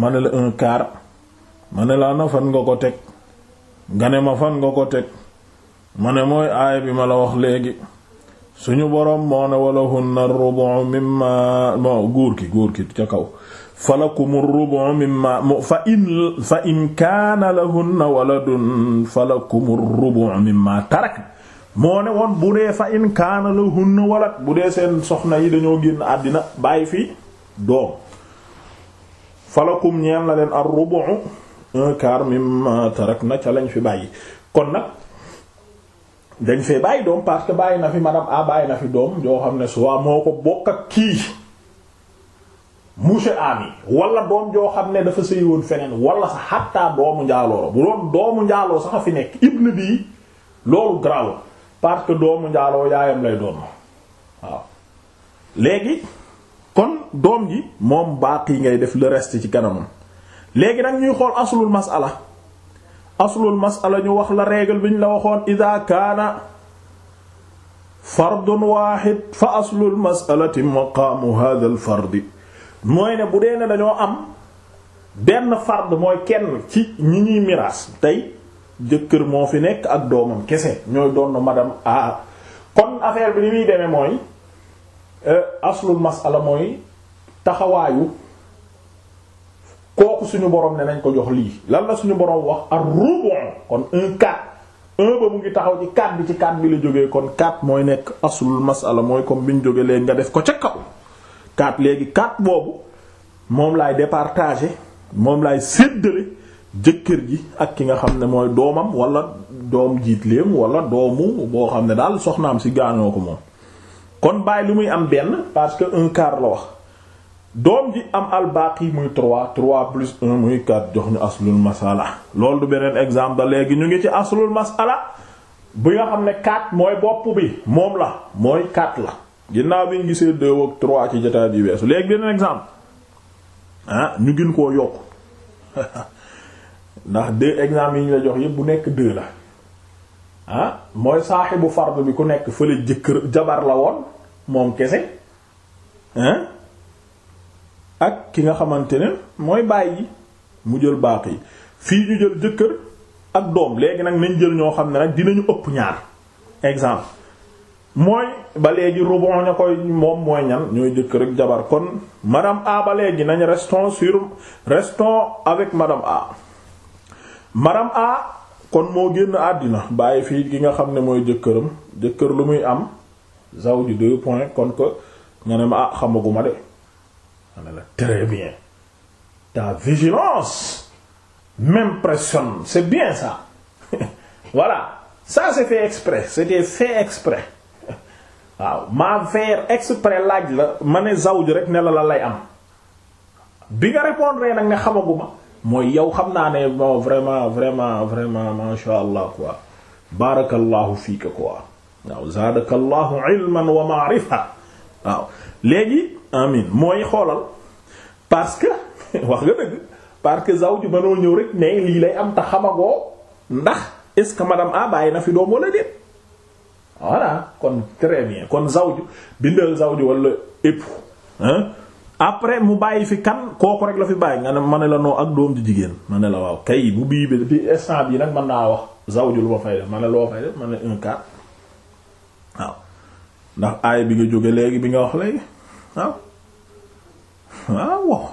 S1: ma ne la un quart ma ne la na fan nga ko teg nga ne ma fan nga ko teg ma ne mooy aay bi ma la wax léegi suñu boroom moo ne wala hunna rubu mimma moo góor gi góor ki ca kaw falakum rubu mimma fa in fa in kaana lahunna waladun falakum rubu mimma tarak moo ne woon bu dee fa in kaana lahunna walad bu dee seen soxna yi dañoo génn àddina bàyyi fii doom falakum ñeen la leen ar rubu un mimma tarak na ca lañ fi bàyyi kon nag dañ fee bàyyi doom parce que bàyyi na fi madame a bàyyi na fi doom yoo xam ne soit moo ko bokk ak kii monsieur ami walla doom joo xam ne dafa sëy woon feneen wala sax xattaa doomu njaaloo bu doon doomu njaaloo sax a fi nekk ibn bi loolu graw parce que doomu njaaloo yaayam lay doon waaw léegi kon doom ji moom baaq yi ngay def le reste ci kanamam léegi nag ñuy xool aslul masala aslul masala ñu wax la règle bi ñu la waxoon ida kaana fardun waaxid fa aslul masalati maqaamu hadha al mooy ne bu dee ne dañoo am benn fard mooy kenn ci ñi ñuy miraas tey jëkkër moo fi nekk ak doomam kese ñooy doon madame a kon affaire bi ni muy demee mooy euh, aslul masala mooy taxawaayu kooku suñu borom ne nañ ko jox lii lan la suñu borom wax ak rubon kon un quatre un ba mu ngi taxaw ci quatre bi ci quatre bi la jógee kon kat mooy nekk aslul masala mooy comme bi ñu jógee leen nga def ko ca kaw quatre léegi quatre boobu moom laay départager moom lay séddale jëkkër ji ak ki nga xam ne mooy doomam walla doom jiitleem wala doomu boo xam ne daal am si gaañoo ko moom kon bàyyi lu muy am benn parce que un quart la wax doom ji am albaqi muy trois trois plus un muy quatre jox ñu aslul masala loolu du beneen exemple da léegi ñu ngi ci aslul masala bi nga xam ne quatre mooy bopp bi moom la mooy quatre la ginnaaw bi ñu gisee deux ak trois ci jotaay bi weesu léegi beneen exemple ah ñu gën koo yokk ndax deux exemples yi ñu la jox yëpp bu nekk deux la ah mooy saaxibu fard bi ku nekk fële jëkkër jabar la woon moom kese ah ak ki nga xamante ne mooy bàyyi mu jël baax yi fii ñu jël jëkkër ak doom léegi nag nañ jël ñoo xam ne nag dinañu ëpp ñaar exemple mooy ba léegi rubon ña koy moom mooy ñan ñooy jëkk rek jabar kon madame A ba léegi nañ restons sur restons avec madame A madame kon moo génn àddina bàyyi fii gi nga xam ne mooy jëkkëram jëkkër lu muy am zawju deux points kon que nga ne ma ah xamaguma de très bien ta vigilance m'impressionne c'est bien ça voilà ça c'est fait exprès c'était fait exprès waaw ma faire exprès laaj la ma ne zawj rek ne la la lay am bi nga répondre nag ne xamaguma mooy yow xam naa ne bon vraiment vraiment vraiment masha allah quoi barakallahu fiika quoi waaw zaadakallahu ilman wa ma'rifa waaw léegi amin mooy xoolal parce que wax nga dëgg parce que zawju mënoo ñëw rek ne lii lay am te xamagoo ndax est ce que madame a bàyyi na fi doom wala déet voilà kon très bien kon zawju bindal zawju wala époux hein après mu bàyyi fi kan kooku rek la fi bàyyi nga ne ma ne la noo ak doom di jigéen ma ne la waaw kay bu bii bi bi instant bii nag mën naa wax zawju lu ma fay def ma ne loo fay def un quart waaw ndax aay bi nga jóge léegi bi nga wax léegi waaw waaw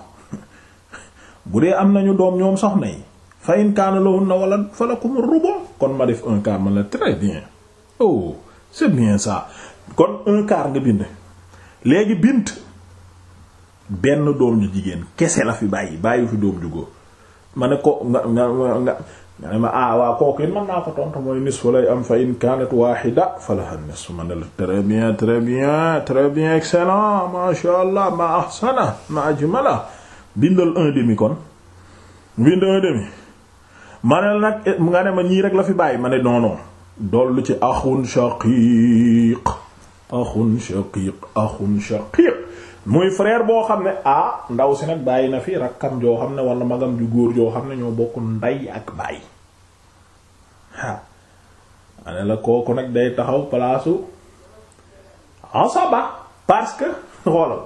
S1: bu dee am nañu doom ñoom soxna yi fa in kaana lahunna walad falakum rubu kon ma def un quart ma ne très bien oh. c'est bien ça kon un quart nga bind léegi bint benn doom ju jigéen kese la fi bàyyi bàyyi fi doom ju ma ne ko nga nga ne ma ah waa kooku it mën naa ko tontu mooy nisfu lay am fa in kanat wahida falaha nisfu ma ne la très bien très bien très bien excellent ma sha Allah ma ahsana ma ajmala bindal un demi kon bind un demi ma ne la nag eh, nga ne ma ñii rek la fi bàyyi ma ne non dollu ci axun shaqiiq axun shaqiiq axun shaqiiq muy frère boo xam ne ah ndaw si nag bàyyi na fi rakkam joo xam ne wala magam ju góor joo xam ne ñoo bokk ndey ak bàyyi ah ane la kooku nag day taxaw palaasu asaba parce que xoolal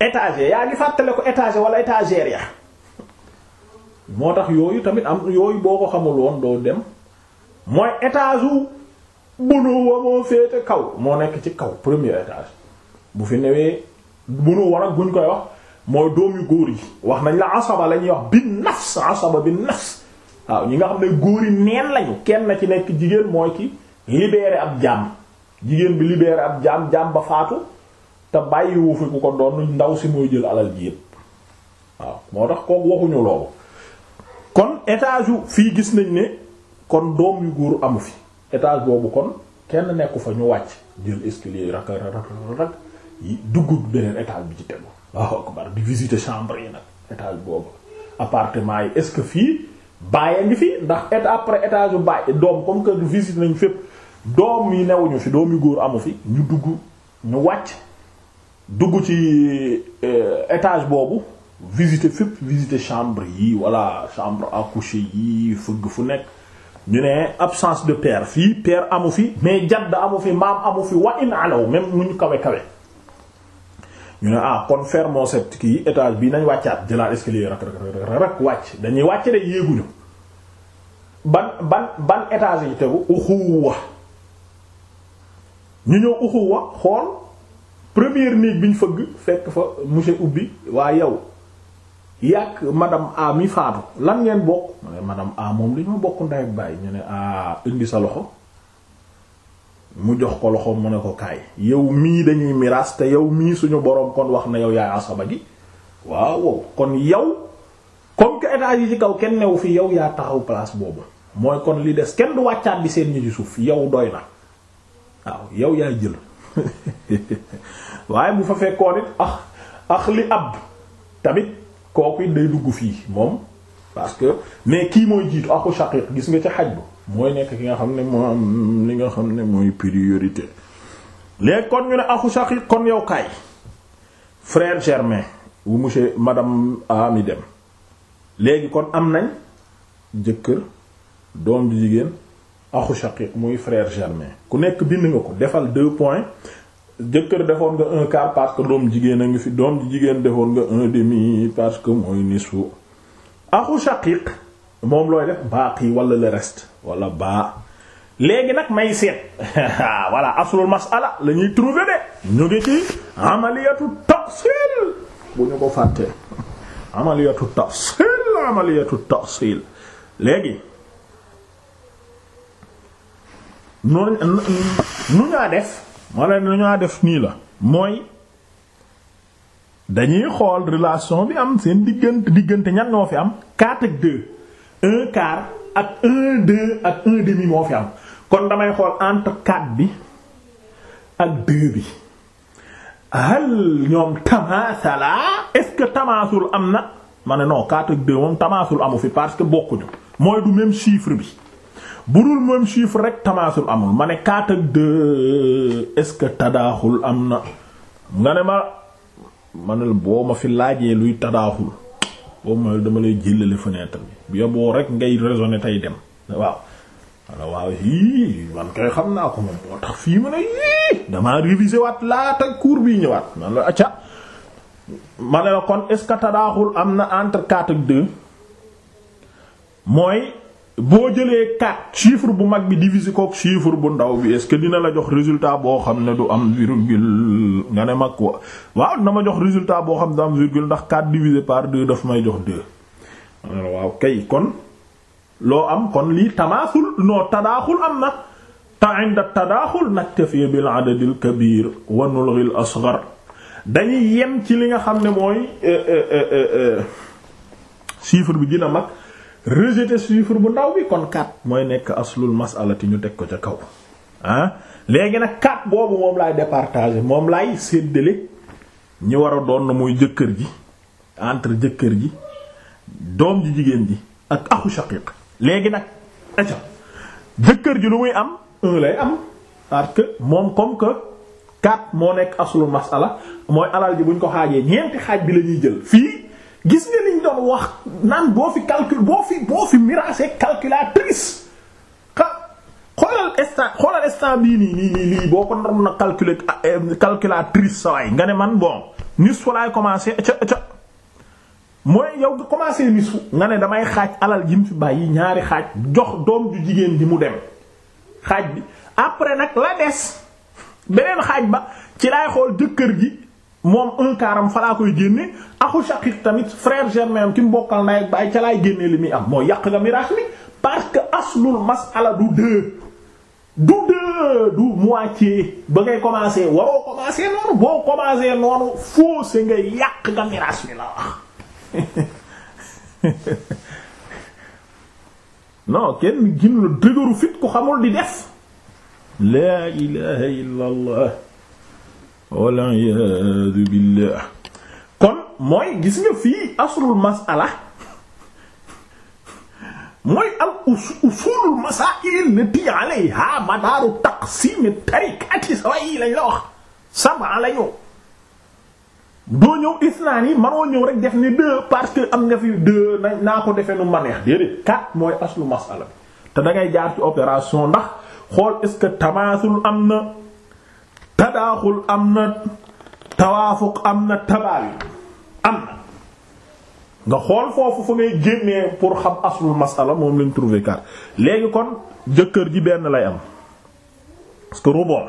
S1: étagère yaa ngi fàttale ko étagère wala étagère ya moo tax yooyu tamit am yooyu boo ko xamul doo dem mooy étage u bunuwa moo féete kaw moo nekk ci kaw premier étage bu fi newee bunuwa nag buñ koy wax mooy doom góor yi wax nañ la asaba la ñuy wax bi bi ñi nga xam ne góor yi neen lañu kenn ci nekk jigéen mooy ki libéré ab jaam bi libéré ab jaam ba faatu te bàyyiwu ko doon ndaw si jël alal ji tax kooku waxuñu kon étage fii gis nañ ne kon doom yu góor amu fi étage boobu kon kenn nekku fa ñu wàcc jël escalier rak rak rak dugg beneen étage bi ci tegu waaw akbar di visiter chambre yi nag étage boobu appartement yi est-ce que fii bàyyi ngi fi ndax et après étage bu doom comme que visite nañ fépp doom yi newuñu fi doom yu góor amu fi ñu dugg ñu wàcc dugg ci euh, étage boobu visiter fépp visiter chambre yi walla chambre à coucher yi fëgg fu nekk ñu ne absence de père fii père amu fi mais jadd amu fi maam amu fi wa in alaw même muñ kawe kawe ñu ne ah kon fermons cette kii étage bi nañ wàccaat jëlaat escalier rak rak rak wàcc dañuy wàcce de yéeguñu ban ban ban étage yi tegu uxuwa ñu ñëw uxuwa xool première néeg bi ñu fëgg fekk fa monsieur ubbi waa yow yàq madame A mi faatu lan ngeen bokk mu ne madame A moom dañoo bokk ndey ak bàyyi ñu ne ah indi sa loxo mu jox ko loxo mu ne ko kaay yow mii dañuy miraas te yow mii suñu borom kon wax na yow yaay asaba gi waaw kon yow comme que état yi ci kaw kenn new fi yow yaa taxaw place boobu mooy kon li des kenn du wàccaat bi seen ñi ci suuf yow doy na waaw yow yaa jël waaye bu fa fekkoon it ah ah li ab tamit. kooku it day dugg fii moom parce que mais kii mooy jiitu aku shaqiq gis nga ca xaj bu mooy nekk ki nga xam ne moo am li nga xam ne mooy priorité léegi kon ñu ne aku shaqiq kon yow kaay frère germain wu monsieur madame ami dem léegi kon am nañ jëkkër doom ju jigéen aku shaqiq muy frère germain ku nekk bind nga ko defal deux points jëkkër defoon nga un quart parce que doom jigéen a ngi fi doom ji jigéen defoon nga un demi parce que mooy nisfu axu shaqiq moom looy def baaqi wala le reste wala baa léegi nag may seet voilà aslul masala la ñuy trouver de ñu ngi ci amaliyatu tafsil bu ñu ko fàttee amaliyatu tafsil amaliyatu tafsil léegi nu nu ñaa def moo leen dañoo def nii la mooy dañuy xool relation bi am seen diggante diggante ñan ñoo fi am 4 ak 2 un ak un ak un moo fi am kon damay xool entre 4 bi ak 2 bi hal ñoom tamaasala est-ce que tamaasul am na ma ne non 4 ak 2 moom tamaasul amu fi parce que bokkuñu mooy du même chiffre bi bu dul même chiffre rek tamaasul amul ma ne quatre ak deux est-ce que tadaaxul am na nga ne ma ma boo ma fi laajee luy tadaaxul boo ma dama lay jëlale fenêtre bi yoboo rek ngay raisonner tey dem waaw man koy xam naa ko moom moo tax fii ma ne hi damaa réviser waat laata cours bii ñëwaat man la acca ma ne la kon est-ce que tadaaxul am na entre quatre ak mooy boo jëlee 4 chiffre bu mag bi diviser ko ak bu ndaw bi est-ce que dina la jox résultat boo xam ne du am virgule nga ne mag waaw dina ma jox résultat boo xam ne du am virgule ndax 4 divisé par 2 daf may jox 2 waaw kay kon loo am kon lii tamaasul noo tadaaxul am na te inda tadaaxul naktafi bil adadil kabir wa nulghil asghar dañuy yem ci li nga xam ne mooy euh, euh, euh, chiffre bi dina mag rejeter chiffre bu ndaw bi kon 4 mooy nekk aslul masalati ñu teg ko ca kaw ah léegi nag 4 boobu moom laay départager moom laay séddale ñi war a doon na mooy jëkkër ji entre jëkkër ji doom ji jigéen ji ak axu shaqiq léegi nag aca jëkkër ji lu muy am un lay am parce que moom comme que 4 moo nekk aslul masala mooy alal ji buñ ko xaajee ñeenti xaaj bi lañuy jël fii gis nga liñ doon wax naan boo fi calcul boo fi boo fi mirage calculatrice xa xoolal instant xoolal instant bii nii nii nii lii boo ko naroon a ah, eh, calculatrice sa waay nga ne man bon nisfu laay commencer ca mooy yow nga commencer nisfu nga ne damay xaaj alal ji mu fi bàyyi ñaari xaaj jox doom ju jigéen ji mu dem xaaj bi après nag la des beneen xaaj ba ci lay xool jëkkër ji. moom un quart fa laa koy génne axu shaqiq tamit frère germain am ki mbokkal nay baay ca laay génne li muy am mooy yàq nga miraax mi parce que aslul masala du deux du deux moitié ba ngay commencer waroo commencer noonu boo commencer noonu faussé nga yàq nga miraax mi la wax non kenn ginu dëgëru fit ku xamul di def laa ilaha illa walla iyaadu billah kon mooy gis nga fii aslul masala mooy al usulul masaa'il lati alayha madaaru taqsiim tarikati sawa yi lañ la wax saba la doo ñëw isnaan yi manoo ñëw rek def ne deux parce que am nga fi deux naa ko defee nu ma neex déedéet quatre mooy aslu masala bi te da jaar ci opération ndax xool est que tamaasul am na tadaaxul am na tawaafuq am na tabaayu am na nga xool foofu fu ngay génnee pour xam aslul masala moom lañ trouver car léegi kon jëkkër ji benn lay am parce que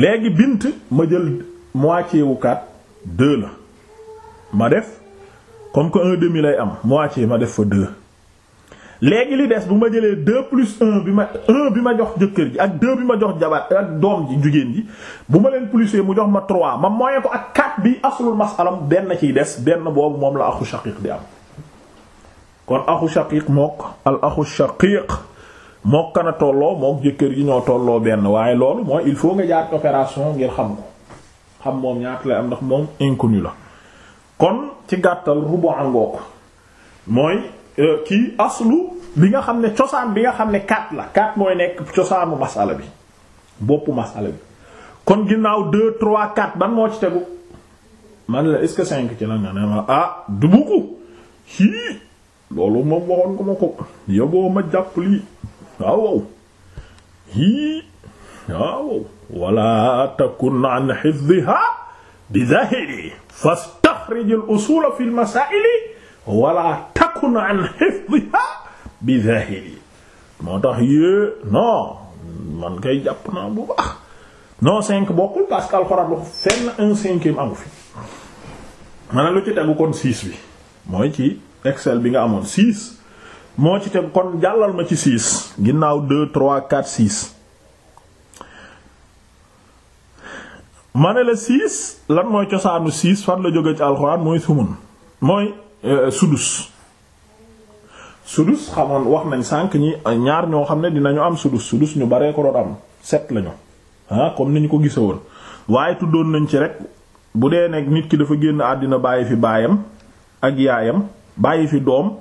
S1: léegi bint ma jël moitié wu kat la ma def comme que un demi lay am moitié ma def fa deux léegi li des bu ma jëlee deux plus un bi ma un bi ma jox jëkkër ji ak deux bi ma jox jabar ak doom ji jigéen ji bu ma leen plusee mu jox ma trois ma mooy ko ak quatre bi aslul masalam benn ciy des benn boobu moom la axu shaqiq di am kon axu shaqiq mook al axu shaqiq mook kana tolloo mook jëkkër ji ñoo tolloo benn waaye loolu mooy il faut nga jaar opération ngir xam ko xam moom ñaata lay am ndax moom inconnu la kon ci gàttal rubu angook mooy Euh, kii aslu bi nga xam ne cosaan bi nga xam ne quatre la quatre mooy nekk cosaanu masala bi boppu masala bi kon ginnaaw deux trois quatre ban moo ci tegu man la est que cinq ci la nga ne ma ah dubu ko hii loolu moom waxoon ko ma ko yoboo ma jàpp lii waaw hii waaw wala takun an hifdhiha bi dhahiri fastaxrij al usula fi al masaa'ili wala takun an hifdha bi zahili moo tax yée non man kay jàpp naa bu baax non cinq bokkul parce que alxuraan lu fenn un cinquième amu fi ma lu ci tegu kon six bi mooy ci excel bi nga amoon six moo ci tegu kon jàllal ma ci six ginnaaw deux trois quatre six ma la six lan mooy cosaanu six fan la jóge ci alxuraan mooy sumun mooy Euh, euh, sudus sudus xamoon wax nañ sànq ñi euh, ñaar ñoo xam ne dinañu am sudus sudus ñu baree ko doon am set lañu ah comme ni ñu ko gisawoon waaye tuddoon nañ ci rek bu dee nekk nit ki dafa génn àddina bàyyi fi baayam ak yaayam bàyyi fi doom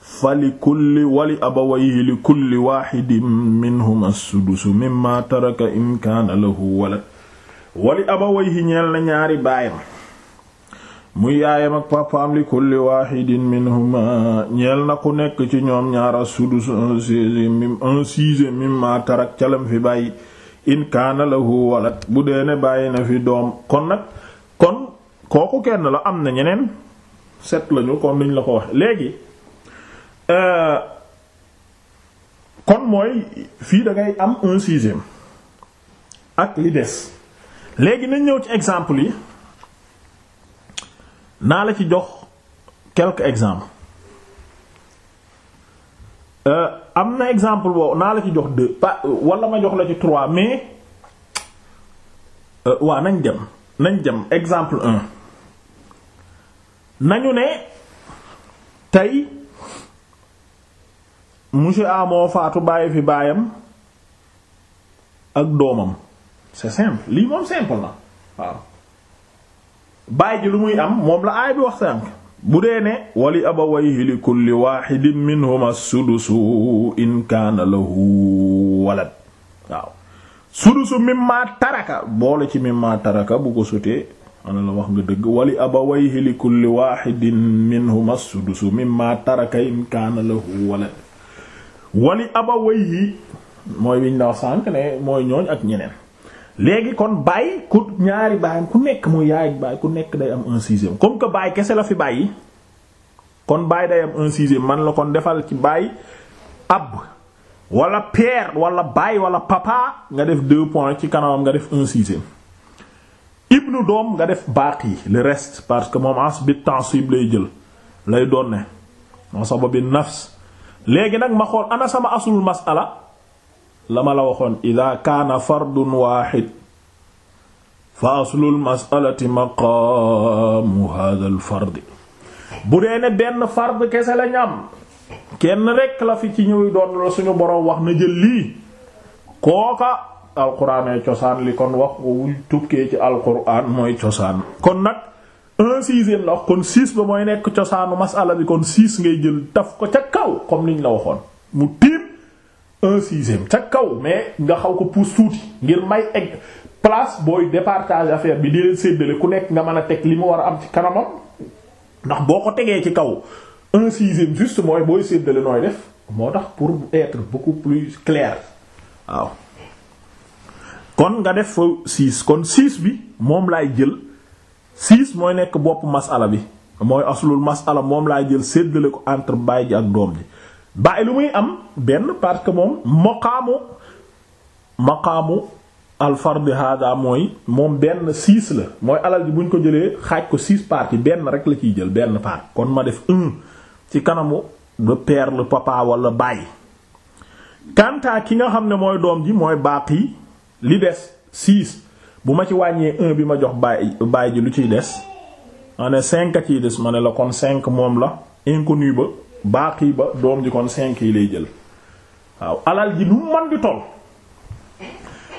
S1: fa li kulli wali abawayhi li kulli waaxidin minhuma sudusu mimma taraka in kaana lahu walad wali abawayhi ñeel na ñaari baayam muy yaayam ak papaam li kulli waahidin minhuma ñeel na ku nekk ci ñoom ñaara sudus un sixième mim un sixième calam fi bàyyi in kaana lahu walad bu deene bàyyi na fi doom kon nag kon kooku kenn la am na ñeneen set lañu kon niñ la ko wax léegi euh, kon mooy fii dangay am un sixième ak li des léegi nañ ñëw ci exemple yi naa la ci jox quelques exemples euh, am na exemple boobu naa la ci jox deux pa wala ma jox la ci trois mais euh, waa nañ dem nañ dem exemple un nañu ne tey monsieur A moo faatu bàyyi fi baayam ak doomam c'est simple lii moom simple na waaw. baay ji lu muy am moom la aay bi wax sànk bu dee ne wali abawayhi li kulli waaxidin minhuma sudusu in kaana lahu walad waaw sudusu mimma taraka boole ci mimma taraka bu ko sotee ana la wax nga dëgg wali abawayhi li kulli waaxidin minhuma sudusu mimma taraka in kaana lahu walad wali abawayhi mooy wiñ la wax sànk ne mooy ñooñ ak ñeneen léegi kon baay ku ñaari baayam ku nekk mu yaay ak baay ku nekk day am un sixième comme que baay kese la fi bàyyi kon baay day am un sixième man la kon defal ci baay ab wala père wala baay wala papa nga def deux point ci kanamam nga def un sixième ibnu doom nga def baax baaqi le reste parce que moom as bi tansib lay jël lay doon ne ma sababi nafs léegi nag ma xool ana sama asul masala la la waxoon ida kaana fardun waaxid fa aslul masalati maqaamu hada al bu dee ne benn fard kese la ñam kenn rekk la fi ci ñuy doon la suñu boroom wax na jël lii kooka alquraanee cosaan li kon wax wu tukkee ci alquraan mooy cosaan kon nag un sixième kon six ba mooy nekk cosaanu masala bi kon six ngay jël taf ko ca kaw comme niñ la waxoon mu tiim un sixième ca kaw mais nga xaw ko pousse tuuti ngir may egg place booy departage affaire bi di leen séddale ku nekk nga mën a teg li mu war a am ci kanamam ndax boo ko tegee ci kaw un sixième juste mooy booy séddale nooy def moo tax pour être beaucoup plus clair waaw kon nga def fa six kon six bi moom laay jël six mooy nekk bopp masala bi mooy aslul masala moom laay jël séddale ko entre baay ji ak doom ji bàyyi lu muy am benn parce que moom maqaamu maqaamu alfardi hada mooy moom benn six la mooy alal bi buñ ko jëlee xaaj ko six parties benn rek la ciy jël benn part kon ma def un ci kanamu le père le papa wala bàyyi kantaa ki nga xam ne mooy doom ji mooy baaqi li des six bu ma ci wàññee un bi ma jox bàyyi bàyyi ji lu ciy des ma ne cinq a ciy des ma ne la kon cinq moom la inconnu ba baaqi ba doom ji kon cinq yi lay jël waaw alal ji nu man di toll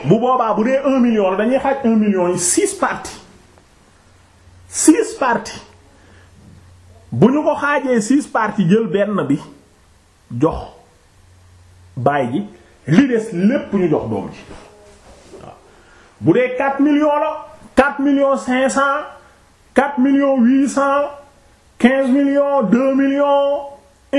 S1: bu boobaa bu dee million la dañuy xaaj million yi six parties six parties bu ñu ko xaajee six parties jël benn bi jox baay ji li des lépp ñu jox doom ji waaw bu dee quatre millions la quatre millions cinq cent quatre millions huit cent quinze millions deux millions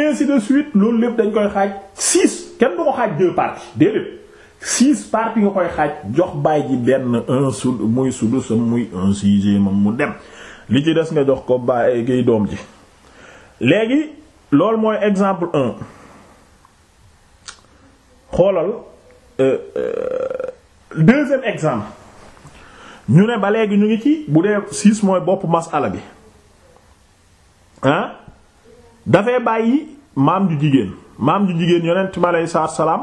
S1: ainsi de suite loolu lépp dañ koy xaaj six kenn du ko xaaj deux parties déedéet six parties nga koy xaaj jox baay ji benn un sud muy sudusam muy un sixième mu dem li ci des nga jox ko baay giy eh, doom ji léegi loolu mooy exemple un xoolal euh, euh, deuxième exemple ñu ne ba léegi ñu ngi ci bu dee six mooy bopp masala bi dafay bàyyi maam ju jigéen maam ju jigéen yonent mi aleyhi salaatu salaam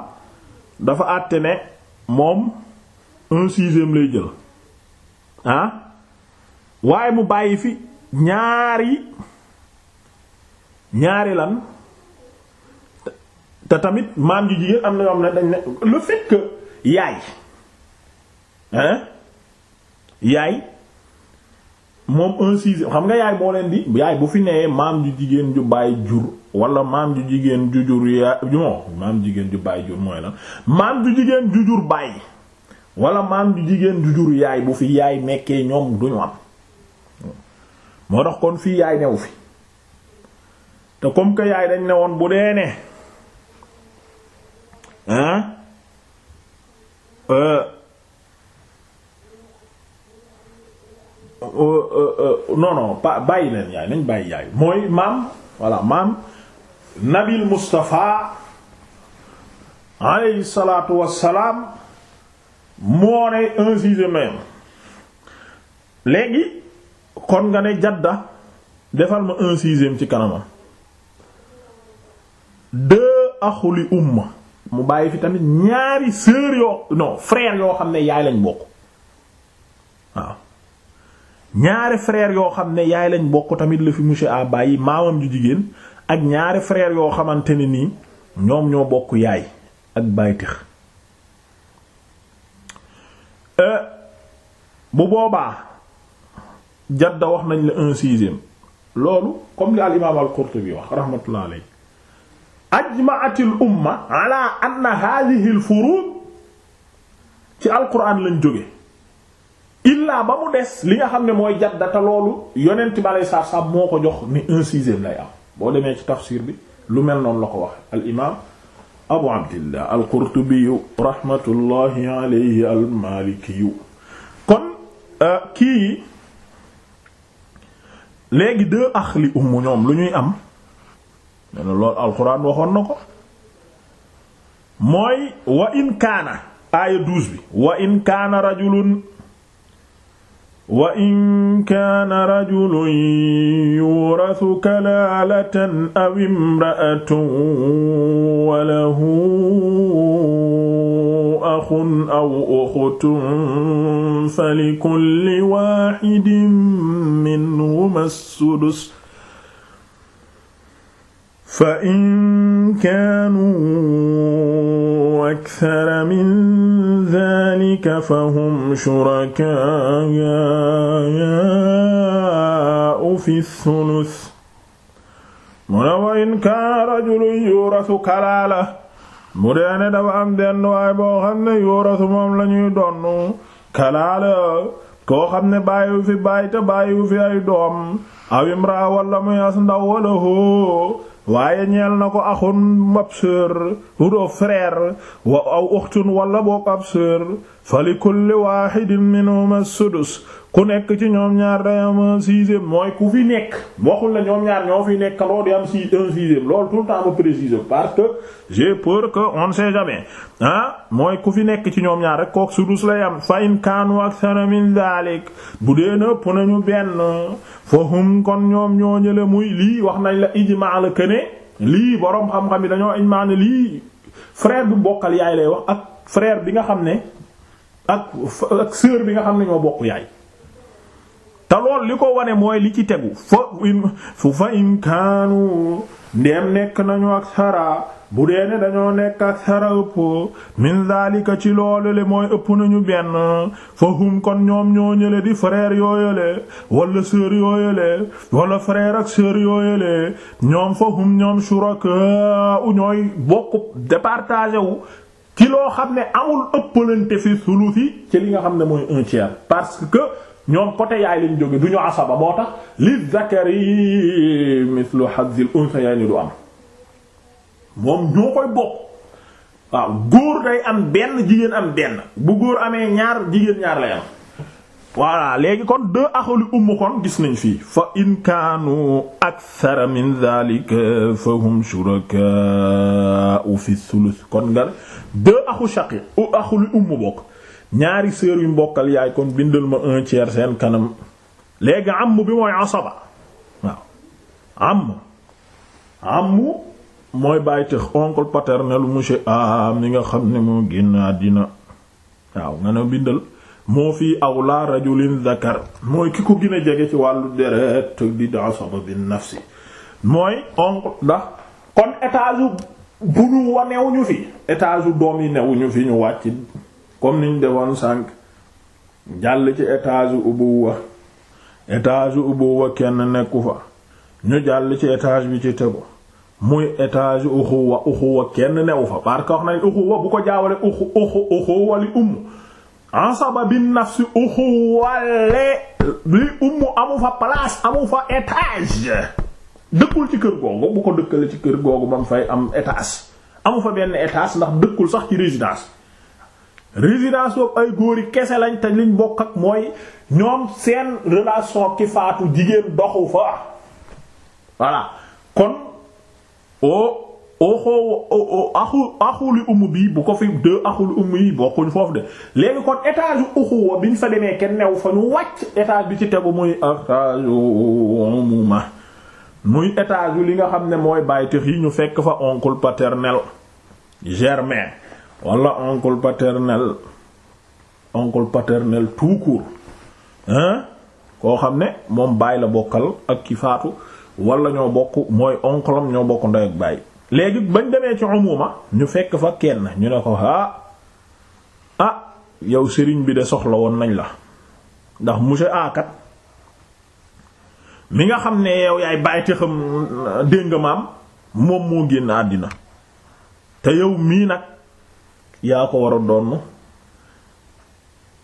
S1: dafa àtte ne moom un sixième lay jël ah waaye mu bàyyi fi ñaari ñaari lan te tamit maam ju jigéen am na yoo xam ne dañ ne le fait yaay hein yaay moom un sixième xam nga yaay moo leen di yaay bu fi nee maam ju jigéen ju bàyyi jur wala maam ju jigéen ju jur yaa maam jigéen ju bàyyi jur mooy lan maam ju jigéen ju jur bàyyi walla maam ju jigéen ju jur yaay bu fi yaay nekkee ñoom duñu am moo tax kon fii yaay newu fi te comme que yaay dañ ne woon bu dee ne hein euh, Euh, euh, euh, non non bàyyi leen yaay nañ bàyyi yaay mooy maam voilà maam nabil Mustafa alayhi salaatu wassalaam moo ne un léegi kon nga ne jadda defal ma un ci kanamam deux axuli umma mu bàyyi fi tamit ñaari sœur yoo non frère yoo xam ne yaay lañ bokk ñaari frère yoo xam ne yaay lañ bokk tamit la fi monsieur a bàyyi maamam ju jigéen ak ñaari frère yoo xamante ne nii ñoom ñoo bokk yaay ak baytix euh, bu boobaa jadda wax nañ la un sixième loolu comme li al imaam al Qurtubi wax rahmatullah alayhi ajmaatil umma ala anna hadhihi al furud ci alquran lañ jóge illaa ba mu des li nga xam ne mooy jadda te loolu yonent bi aleyhi salaatu moo ko jox ni un sixième lay am boo demee ci tafsir bi lu mel noonu la ko waxe al imaam abu abdillah al qurtubiyu rahmatullahi aleyhi al malikiyu kon euh, kii léegi deux axli umm ñoom lu ñuy am ne loolu alxuraan waxoon na ko mooy wa in kaana aaya douze bi wa in kaana rajulun wa in kaana rajulun yurathu kalaalatan aw imra'atun wa lahu axun aw uxtun falikulli waaxidin minhumaa as-sudus fa in kaanuu akthara min ilayka fahum shurakaa'u fi wa in kaana rajulun yuurasu kalaala mu deene dafa am benn waay boo xam ne yuurasu moom lañuy donn kalaala koo xam ne bàyyiwu fi bàyyi te fi ay doom awim raa walla muy as ndaw wala hoo waaye ñeel na ko axun ab sœur ou frère wa aw uxtun wala boog ab sœur fa li kulli waahidin minhuma sudus ku nekk ci ñoom ñaar day am un mooy ku fi nekk waxul la ñoom ñaar ñoo fi nekk loolu di am si un sixième loolu tout le temps ma précise parce que j'ai peur que on ne sait ah mooy ku fi nekk ci ñoom ñaar rek kook sudus lay am fa in kaanu akthara min dalik bu dee na ëpp benn fa kon ñoom ñoo ñële muy lii wax nañ la ijmaa la këne lii boroom xam yi dañoo ijmaa lii frère bu bokkal yaay lay wax ak frère bi nga xam ne ak bi nga xam ne ñoo bokk yaay te lool li ko wane mooy li ci tegu fu fa in kaanu ndeem nekk nañu ak sara bu dee ne dañoo nekk ak sara ëpp min zalika ci loolu le mooy ëpp nañu benn fa hum kon ñoom ñoo ñële di frère yooyale wala sœur yooyale wala frère ak sœur yooyale ñoom fa hum ñoom shuraka u ñooy bokk départagé wu ci loo xam ne amul ëppalante fi sulusi ci li nga xam ne mooy un parce que ñoom côté yaay lañ jóge du ñu asaba boo tax li zakari mithlu hazzil unsayayni du am moom ñoo koy bokk góor day am benn jigéen am benn bu góor amee ñaar jigéen ñaar lay am voilà léegi kon deux axali umm kon gis nañ fii fa in kaanu akthara min dhalika fa hum shuraka fi thuluth kon nga deux axu shaqiq u axuli umm bokk ñaari sœur yu mbokkal yaay kon bindal ma un tiers seen kanam léegi am bi mooy asaba waaw am am mooy bàyyi tëx oncle paternel monsieur a mi nga xam ne moo génn àddina waaw nga ne bindal moo fi awla rajulin zakar mooy ki ko gën jege ci wàllu deret di asaba bi nafsi mooy oncle ndax kon étage bu ñu fi étage doom yi newuñu fi ñu wàcc comme niñ defoon sànq jàll ci étage ubuwa étage ubuwa kenn nekku fa ñu jàll ci étage bi ci tegu muy étage uxuwa uxuwa kenn new fa parce que wax nañ uxuwa bu ko jaawale uxu uxu uxuwa li umm asaba bi nafsi uxuwale li umm amu fa place amu fa étage dëkkul ci kër googu bu ko dëkkale ci kër googu ba mu fay am étage amu fa benn étage ndax dëkkul sax ci résidence résidence boobu ay góor kese lañ te liñ bokk ak mooy ñoom seen relation ki faatu jigéen doxu fa voilà kon o oxoo axu axuli umu bi bu ko fi deux axuli umu yi bokkuñ foofu de léegi kon étage yu uxuwa biñ fa demee kenn new fa nu wàcc étage bi ci tegu muy étage umuma muy étage li nga xam ne mooy bàyyi tëx yi ñu fekk fa oncle paternel germain wala oncle paternel onkul paternel tout koo xam ne moom bàyyi la bokkal ak ki faatu wala ñoo bokk mooy oncle am ñoo bokk ndey ak baay léegi bañ demee ci umuma ñu fekk fa kenn ñu ne ko ah ah yow sëriñ bi de soxla woon nañ la ndax monsieur akat mi nga xam ne yow yaay bàyyi te xam dégg maam moom moo génn àddina te yow mii nag yaa ko war a donn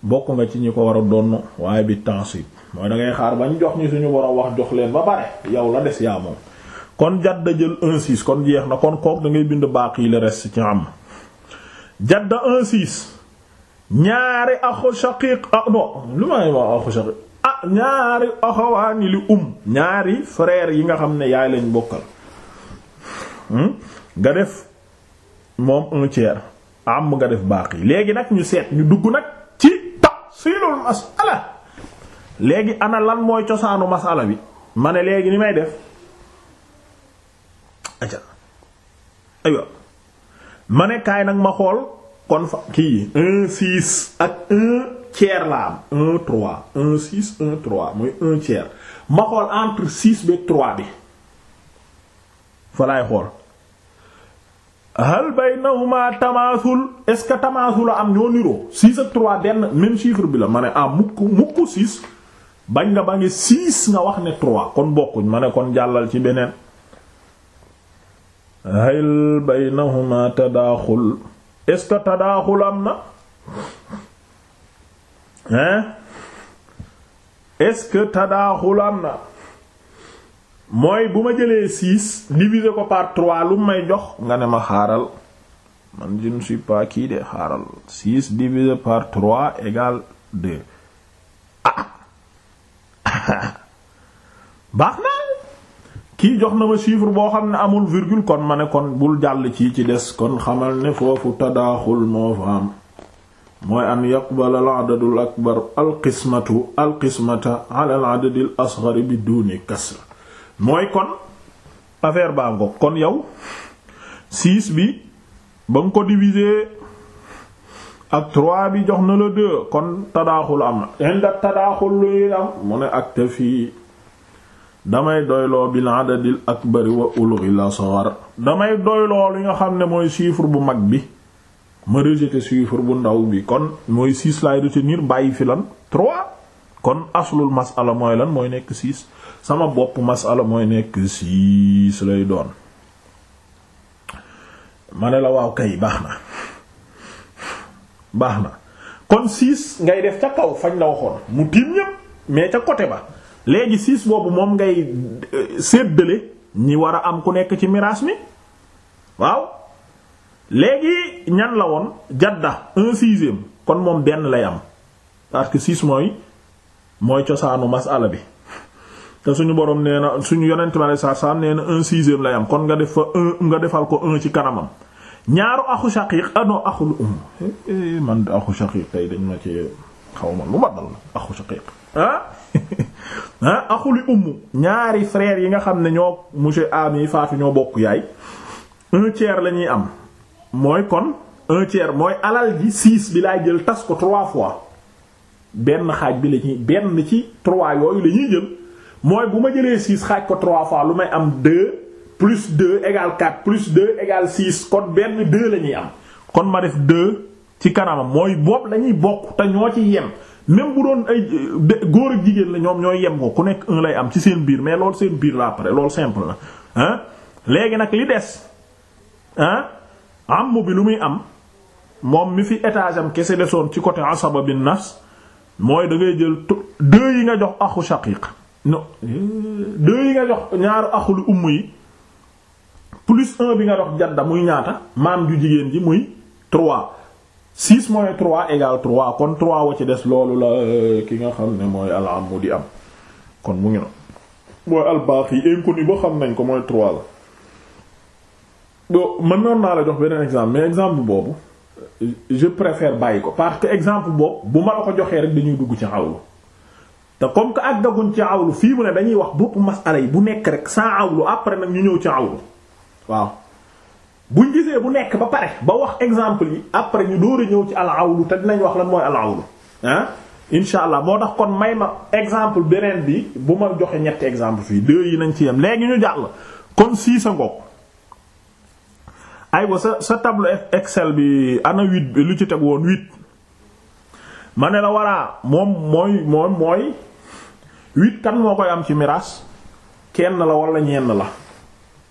S1: bokk nga ci ñi ko war a donn waaye bi tansib mooy da xaar bañ jox ñi suñu borom wax jox leen ba pare yow la des yaa moom kon jadda jël 1 kon jeex na kon kook dangay bind baax yi la reste ci am jadda 1-6 ñaari axu shaqiq ah non lu may wax axu shaqiq ah ñaari axawaani li um ñaari frère yi nga xam ne yaay lañ bokkal hmm? nga def moom un am nga def yi léegi nag ñu seet ñu dugg nag ci tafsiilul masala léegi ana lan mooy cosaanu masala bi ma ne léegi ni may def aca aywa ma ne kaay nag ma xool kon fa kii un ak un tiers la am un trois un six mooy un ma xool entre six bi trois bi fa xool hal baynahuma tamaasul est-ce que tamaasul am ñoo niroo 6 ak 3 benn même chiffre bi la ma ne ah mukk mukk 6 bañ nga ba ngi 6 nga wax ne 3 kon bokkuñ ma ne kon jàllal ci beneen hal baynahuma tadaaxul est-ce que tadaaxul am na hein est-ce que tadaaxul am na mooy bu ma jëlee six diviser ko par trois lu may jox nga ne ma xaaral man je ne kii de xaaral six divisé par trois égale deux ah baax na kii jox na ma chiffre boo xam ne amul virgule kon ma ne kon bul jàll ci ci des kon xamal ne foofu tadaaxul moo fa am mooy am yaqbal al adadul akbar al qismatu al qismata ala al adadil asghar bi duni kasra mooy kon affaire baa ngoog kon yow 6 bi ba nga ko diviser ak 3 bi jox na la 2 kon tadaaxul am na inda tadaaxul luy am mu ak te fii damay doyloo bil adadil akbari wa ulghi la sawar damay doyloo li nga xam ne mooy chiffre bu mag bi ma rejeté chiffre bu ndaw bi kon mooy 6 laay retenir bàyyi fi lan 3 kon aslul masala mooy lan mooy nekk 6 sama bopp masala mooy nekk si su lay doon ma ne la waaw kay baax na baax na kon siis ngay def ca kaw fañ la waxoon mu tiim ñépp mais ca côté ba léegi siis boobu moom ngay euh, séddale ñi war a am ku nekk ci miraas mi waaw léegi ñan la woon jadda un sixième kon moom benn lay am parce siis mooy mooy cosaanu masala bi te suñu borom nee na suñu yonent ma lay na un sixième lay am kon nga def fa nga defal ko un ci kanamam ñaaru axu shaqiq ano ah axul um eh, eh, man de axu shaqiq tey dañ ma ci xaw ma lu ma dal axu shaqiq ah ah axuli umm. ñaari frère yi nga xam ne ñoo monsieur ami faatu ñoo bokk yaay un tiers la ñuy am mooy kon un tiers mooy alal ji six bi laay jël tas ko trois fois benn xaaj bi la ñuy benn ci trois yooyu la ñuy jël mooy bu ma jëlee 6 xaaj ko 3 fois lu may am 2 plus 2 égale 4 plus 2 égale 6 kon benn 2 la ñuy am kon ma def 2 ci kanamam mooy boobu lañuy bokk te ñoo ci yem même bu doon ay góor ak jigéen la ñoom ñooy yem ko ku nekk 1 lay am ci seen biir mais lool seen biir la après loolu simple na ah léegi nag li des ah am bi lu muy am moom mi fi étage am kese desoon ci côté asaba bin nafs mooy da ngay jël deux yi nga jox axu shaqiq non deux yi nga jox ñaaru axul umm yi plus un bi nga jox jadda muy ñaata maam ju jigéen ji muy trois six moins trois égale trois kon trois wa ci des loolu la euh, ki nga xam ne mooy alamu di am kon mu ngi noonu mooy albaax yi inconnu ba xam nañ ko mooy trois la bon mën noonu naa la jox beneen exemple mais exemple boobu je préfère bàyyi ko parce que exemple boobu bu ma la ko joxee rek dañuy dugg ci xawlu te comme ak àggaguñ ci awlu fii mu ne dañuy wax bopp masala yi bu nekk rek sans awlu après nag ñu ñëw ci awlu waaw buñ gisee bu nekk ba pare ba wax exemple yi après ñu door a ñëw ci al awlu te dinañ wax lan mooy al awlu ah incha allah moo tax kon may ma exemple beneen bi bu ma joxe ñetti exemple fii deux yi nañ ci yem léegi ñu jàll kon sii sa ngoog aywa sa sa tableau Excel bi ana huit bi lu ci teg woon huit ma ne la voilà moom mooy moom mooy huit kan moo koy am ci miraas kenn la wala ñenn la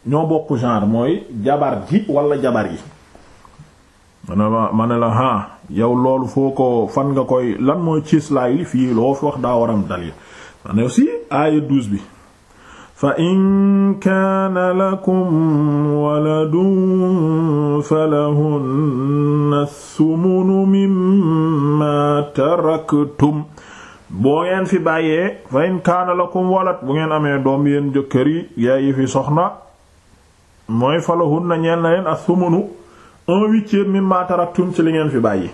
S1: ñoo bokk genre mooy jabar ji wala jabar yi manela ma yow loolu foo ko fan nga koy lan mooy ciislaay li fii loo fi wax daa waram dalil man aussi aaya douze fa in kaana lakum waladun falahunna thumunu mimma taraktum boo ngeen fi bàyyee fa in kaana lakum bu ngeen amee doom yéen jëkkër yi yaay yi fi soxna mooy falahun na ñeen na leen as-sumunu un huitième mimma taraktum ci li ngeen fi bàyyi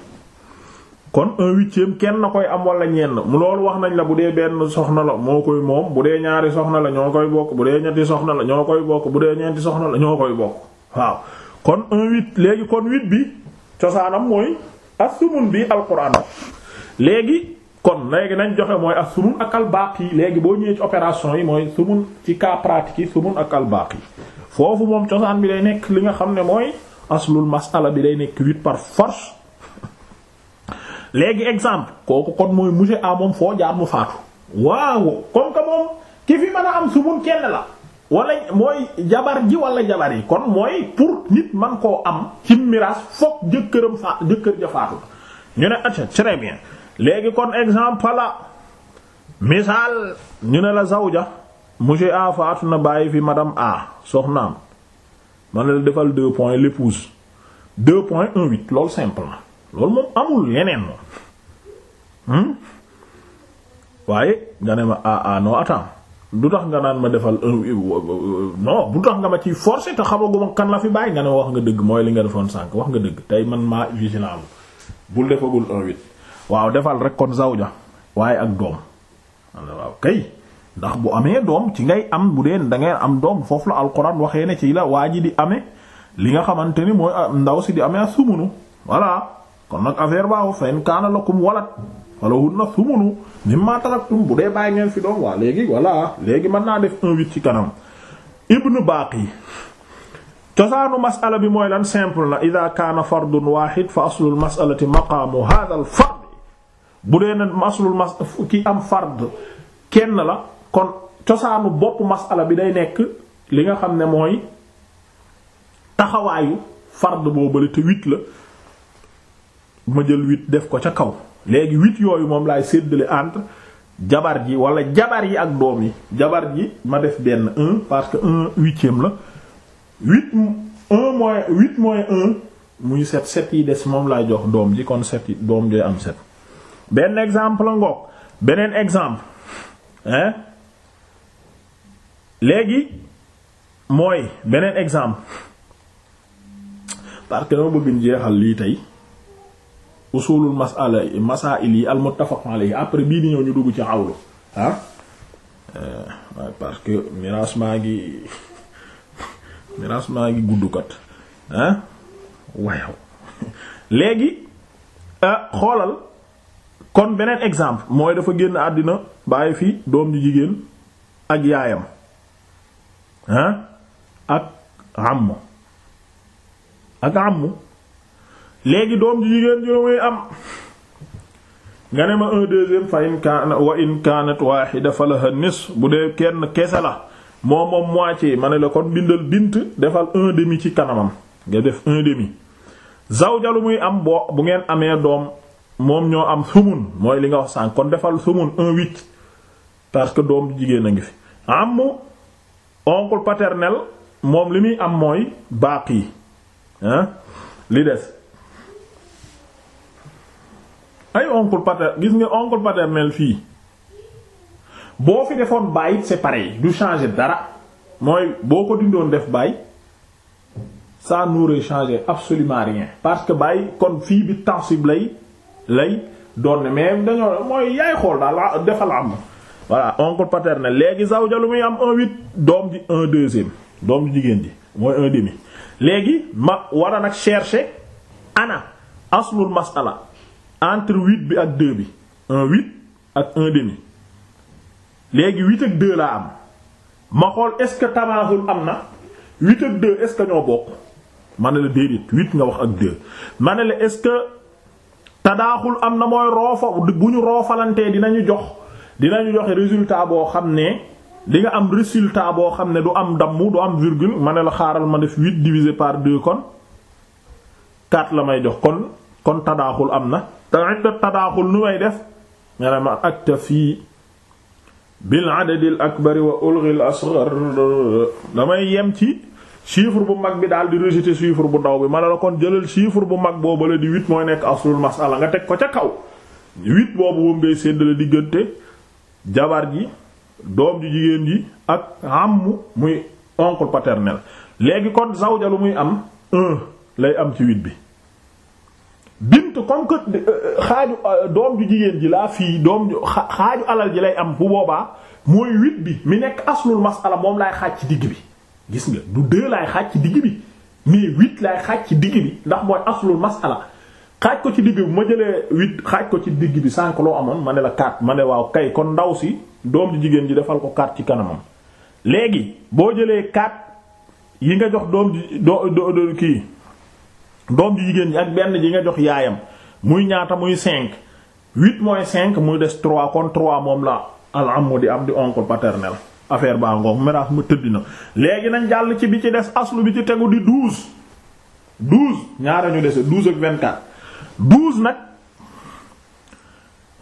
S1: kon un huitième kenn na koy am wala ñenn mu loolu wax nañ la bu dee benn soxna la moo koy moom bu dee ñaari soxna la ñoo koy bokk bu dee ñetti soxna la ñoo koy bokk bu dee ñeenti soxna la ñoo koy bokk waaw kon un huit léegi kon huit bi cosaanam mooy as-sumun bi alquran léegi kon léegi nañ joxe mooy ak sumun ak al yi léegi boo ñëwee ci opération yi mooy sumun ci cas pratique yi sumun ak al-baaqi foofu moom cosaan bi day nekk li nga xam ne mooy aslul masala bi day nekk huit par force léegi exemple kooku kon mooy monsieur A moom foo jaamu mu faatu waaw comme que moom ki fi mën a am sumun kenn la wala mooy jabar ji wala jabar yi kon mooy pour nit man koo am ci miraas fokk jëkkëram fa jëkkër ja faatu ñu ne très bien léegi kon exemple la misaal ñu ne la zawja monsieur A faatu na bàyyi fi madame A soxnaam man la defal deux points l'épouse deux point un huit loolu simple na loolu moom amul yeneen moom hmm? waaye nga ne ma a ah, a ah, non attends du tax nga naan ma defal un bu tax nga ma ciy forcer te xamaguma kan la fi bàyyi nga ne wax nga dëgg mooy li nga defoon sànk wax nga dëgg tey man maa vigilant bul defagul un huit waaw defal rek kon zawja waaye ak doom waaw kay ndax bu amee doom ci ngay am bu dee da ngay am doom foofu la alquran waxee ne ci la waa ji di amee li nga xamante ni mooy ndaw si di amee ak sumunu voilà kon nag affaire baaxu fen kaana lakum walat falahun na sumunu mimma taraktum bu dee bàyyi ngeen fi doom waa léegi voilà léegi mën naa def un ci kanam ibnu baaqi cosaanu masala bi mooy lan simple na ida kaana fardun wahid fa aslul masalati maqaamu hadha bu dee ne maslul mas ki am fard kenn la kon cosaanu bopp masala bi day nekk li nga xam ne mooy taxawaayu fard boobale te huit la ma jël huit def ko ca kaw léegi huit yooyu moom laay séddale entre jabar ji wala jabar yi ak doom yi jabar ji ma def benn un parce que un huitième la huit un moins huit moins un muy sept sept yi des moom laay jox doom ji kon set yi doom jooy am set benn exemple ngoog beneen exemple hein léegi mooy beneen exemple parce que dama bëgg jeexal lii tey usulul masala masail yi al muttafaq alayhi après bii di ñëw ñu dugg ci awlu ah euh, parce que miraas maa ngi miraas maa ngi guddukat ah waaw léegi euh, xoolal kon beneen exemple mooy dafa génn àddina bàyyi fi doom ju jigéen ak yaayam ah ak àmm ak àmm léegi doom ju jigéen ju muy am nga ne ma un deuxième fa in kaana wa in kaanat waaxida bu dee kenn kese la moo moom moitié ma ne la kon bindal bint defal un demi ci kanamam nga def un demi zawja lu muy am boo bu ngeen amee doom moom ñoo am sumun mooy li nga wax sànq kon defal sumun un huit parce que doom jigéen a ngi fi am oncle paternel moom li muy am mooy baax yi li des ay oncle paternel gis nga oncle paternel fii boo fi defoon baay c'est pareil du changer dara mooy boo ko dindoon def baay ça n'aurait changé absolument rien parce que baay kon fii bi tansib lay lay doon mais dañoo mooy yaay xool daal defal am voilà oncle paternel léegi zawja lu muy am un huit doom ji un deuxième doom ji jigéen ji mooy un demi léegi ma war a nag chercher ana aslul masala entre huit bi ak deux bi un huit ak un demi léegi huit ak deux laa am ma xool est-ce que tamaahul am na huit ak deux est ñoo bokk ma ne la déedéet huit nga wax ak deux ma ne la est tadaaxul am na mooy roofa bu ñu roofalantee dinañu jox dinañu joxe résultat boo xam ne li nga am résultat boo xam ne du am damm du am virgule ma ne la xaaral ma def huit divisé par deux kon quatre la may jox kon kon tadaaxul am na te iddat tadaaxul nu may def nga ne ma aktafi bil adad al akbar wa ulghi al asghar damay yem ci chiffre bu mag bi daal di rejeter chiffre bu ndaw bi ma la kon jëlal chiffre bu mag boobu la di huit mooy nekk aslul masala nga teg ko ca kaw huit boobu moom ngay séddale diggante jabar ji doom ji jigéen ji ak am muy oncle paternel léegi kon zawja lu muy am lay am ci huit bi bint comme euh, euh, ju jigéen ji laa fii doom ju xaaju alal ji lay am bu boobaa mooy huit bi mu nekk aslul masala moom laay xaaj ci digg bi gis nga du deux laay xaaj ci digg bi mais huit laay xaaj ci digg bi ndax mooy aslul masala xaj ko ci digg bi ma jëlee huit xaaj ko ci digg bi sànq loo amoon ma ne la quatre ma ne waaw kay kon ndaw si doom ji jigéen ji defal ko quatre ci kanamam léegi boo jëlee quatre yi nga jox doom ji do do kii doom ji jigéen ji ak benn ji nga jox yaayam muy ñaata muy cinq huit mooy cinq muy des trois kon trois moom la al amu di am di oncle paternel affaire baa ngoog miraas ma tëdd na léegi nañ jàll ci bi ci des aslu bi ci tegu di douze douze ñaara ñu dese douze ak vingt-quatre douze nag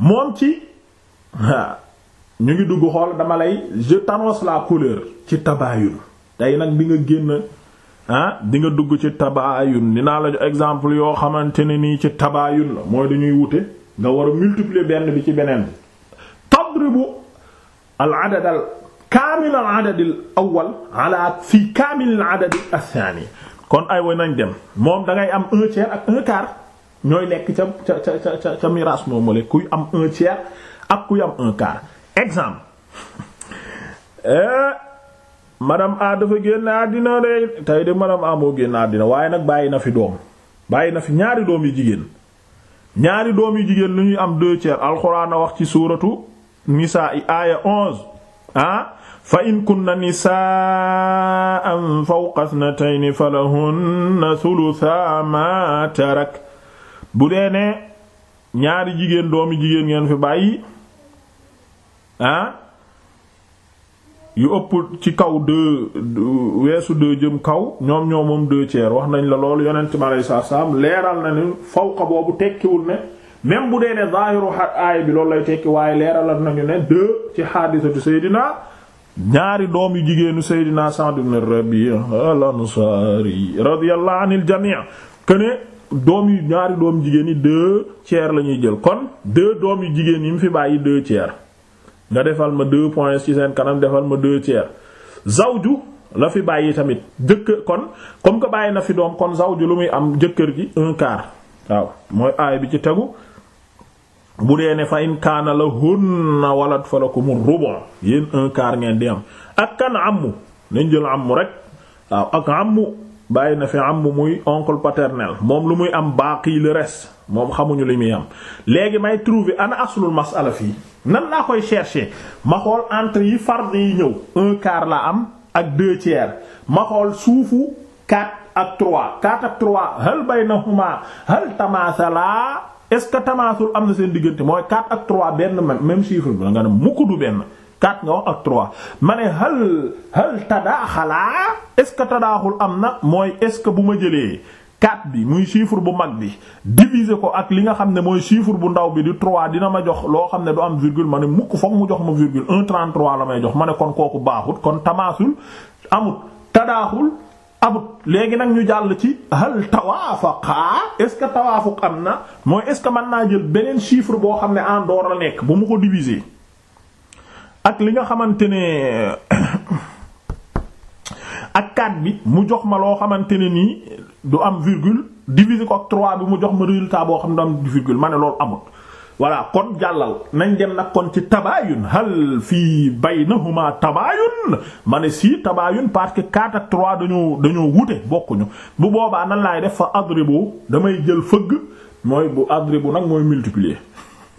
S1: moom ci ñu ngi dugg xool dama lay je t'annonce la couleur ci tabaayun tey nag bi nga génn ah di dugg ci tabaayun dinaa la exemple yoo xamante ne nii ci tabaayun la mooy dañuy wute nga war a benn bi ci beneen tadribu al adad al kaamil al adadil awwal ala fi kaamil al adadil kon ay wa nañ dem moom da am un tiers ak un quart ñooy nekk ca ca ca ca miraas moom wala kuy am un tiers ak kuy am un quart exemple eh, madame A dafa génn àddina de tey de madame A moo génn àddina waaye nag bàyyi na fi doom bàyyi na fi ñaari doom yu jigéen ñaari doom yu jigéen lu ñuy am deux tiers wax ci suuratu nisaa i aaya ah fa in kunna nisaa'an fawqa ithnatayni falahunna thulutha ma tarak bu dee ne ñaari jigéen doomi jigéen ngeen fi bàyyi ah yu ëpp ci kaw deux weesu deux jëm kaw ñoom ñoo moom deux wax nañ la loolu yonent mi alayhi salaam leeral na ni fawqa boobu tekkiwul ne même bu dee ne zaahiru aaya bi loolu lay tekki waaye leeralal nañu ne deux ci xaadisatu Seydina ñaari doom yu jigéenu Seydina Sa'd ibn Rabi' al-Ansari radiyallahu anil jami' këne doom yu ñaari doom jigéen yi deux tiers la ñuy jël kon deux doom yu jigéen yi mu fi bàyyi deux tiers nga defal ma deux points ci seen kanam defal ma deux tiers zawju la fi bàyyi tamit jëkkër kon comme que bàyyi na fi doom kon zawju lu muy am jëkkër ji un quart waaw mooy aay bi ci tegu bu dee ne fa in kaana la hunna walad fa lakumu rubu' yéen un quart ngeen di am ak kan amu nañ jël amu rek waaw ak amu bàyyi na fi amu muy oncle paternel moom lu muy am baaqi le reste moom xamuñu li muy am. léegi may trouver ana aslul masala fii nan laa koy chercher ma xool entre yi fard yi ñëw un quart la am ak deux tiers ma xool suufu 4 ak 3 4 ak 3 hal baynahuma hal tamaasala est-ce que tamaasul am na seen diggante mooy 4 ak 3 benn même chiffre bi nga ne mukk du benn 4 nga wax ak 3 ma ne hal hal tadaaxalaa est-ce que tadaaxul am na mooy est-ce que bu ma jëlee 4 bi muy chiffre bu mag bi diviser ko ak li nga xam ne mooy chiffre bu ndaw bi di trois dina ma jox loo xam ne du am virgule ma ne mukk foog mu jox ma virgule 1 33 la may jox ma ne kon kooku baaxut kon tamaasul amut tadaaxul amut léegi nag ñu jàll ci hal tawaafaqa est ce que tawaafuq am na mooy est ce que mën naa jël beneen chiffre boo xam ne en dehors nekk bu mu ko diviser ak li nga xamante ne ak 4 bi mu jox ma loo xamante ne nii du am virgule diviser ko ak 3 bi mu jox ma résultat boo xam ne du am virgule ma ne loolu amut. voilà kon jàllal nañ dem nag kon ci tabaayun hal fii bay na baynahuma tabaayun ma ne sii tabaayun parce que 4 ak 3 dañoo dañoo wute bokkuñu bu boobaa nan laay def fa adribu damay jël fëgg mooy bu adribu nag mooy multiplier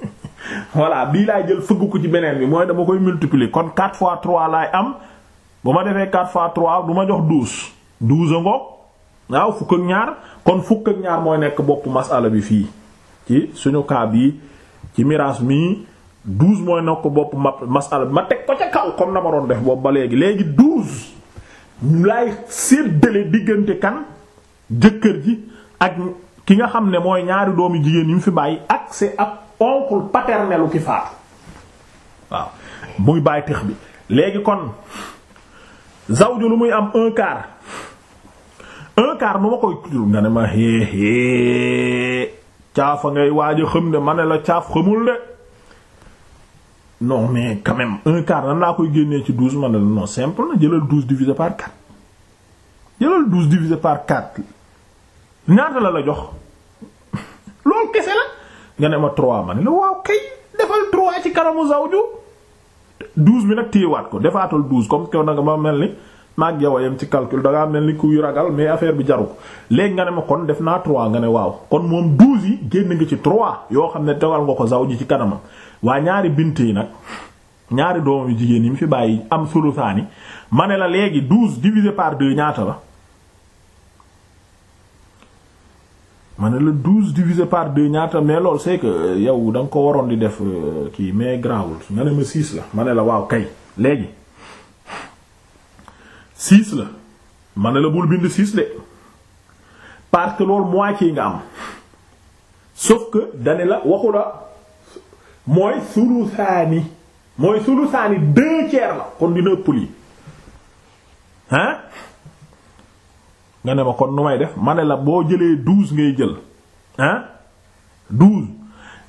S1: voilà bii laay jël fëgg ko ci beneen bi mooy dama koy multiplier kon 4 fois 3 lay am bu ma defee 4 fois 3 du ma jox 12 12 a ngoog waaw fukk ak ñaar kon fukk ak ñaar mooy nekk boppu masala bi fii ci suñu cas bii ci miraas mii douze mooy nokk bopp ma masala ma teg ko ca kaw comme na ma doon def boobu ba léegi léegi douze laay séddale diggante kan jëkkër ji ak ki nga xam ne mooy ñaari doomi jigéen yi mu fi bàyyi ak c'est ab oncle paternelu ki faatu waaw muy bàyyi tëx bi léegi kon zawju lu muy am un quart un quart nu ma koy nga ne ma hee hee caafa ngay waaj a xam ne ma ne la caaf xamul de non mais quand même un quart nan laa koy génnee ci douze ma la non simple na jëlal douze divisé par quatre jëlal douze divisé par quatre ñaata la la jox loolu kese la nga ne ma trois ma ne la waaw kay defal trois ci kanamu zawju douze bi nag téyewaat ko defaatal douze comme kaw na nga ma mel ni. maag yow yam ci calcul da ngaa mel ni kuy ragal mais affaire bi jaru ko léegi nga ne ma kon def naa 3 nga ne waaw kon moom 12 yi génn nga ci trois yoo xam ne tegal nga ko zaw ji ci kanamam waa ñaari bint yi nag ñaari doom yu jigéen yi mu fi bàyyi am sulusaani ma ne la léegi 12 divisé par 2 ñaata la. ma ne la 12 divisé par 2 ñaata mais loolu c'est que euh, yow da ko waroon di def euh, kii mais grawul nga ne ma 6 la ma ne la waaw kay léegi. six la ma la bul bind six de parce que loolu moitié nga am sauf que dane la waxu la mooy sulusaani mooy sulusaani deux tiers la kon dina ëpp hein nga ne ma kon nu may def mane la boo jëlee douze ngay jël hein douze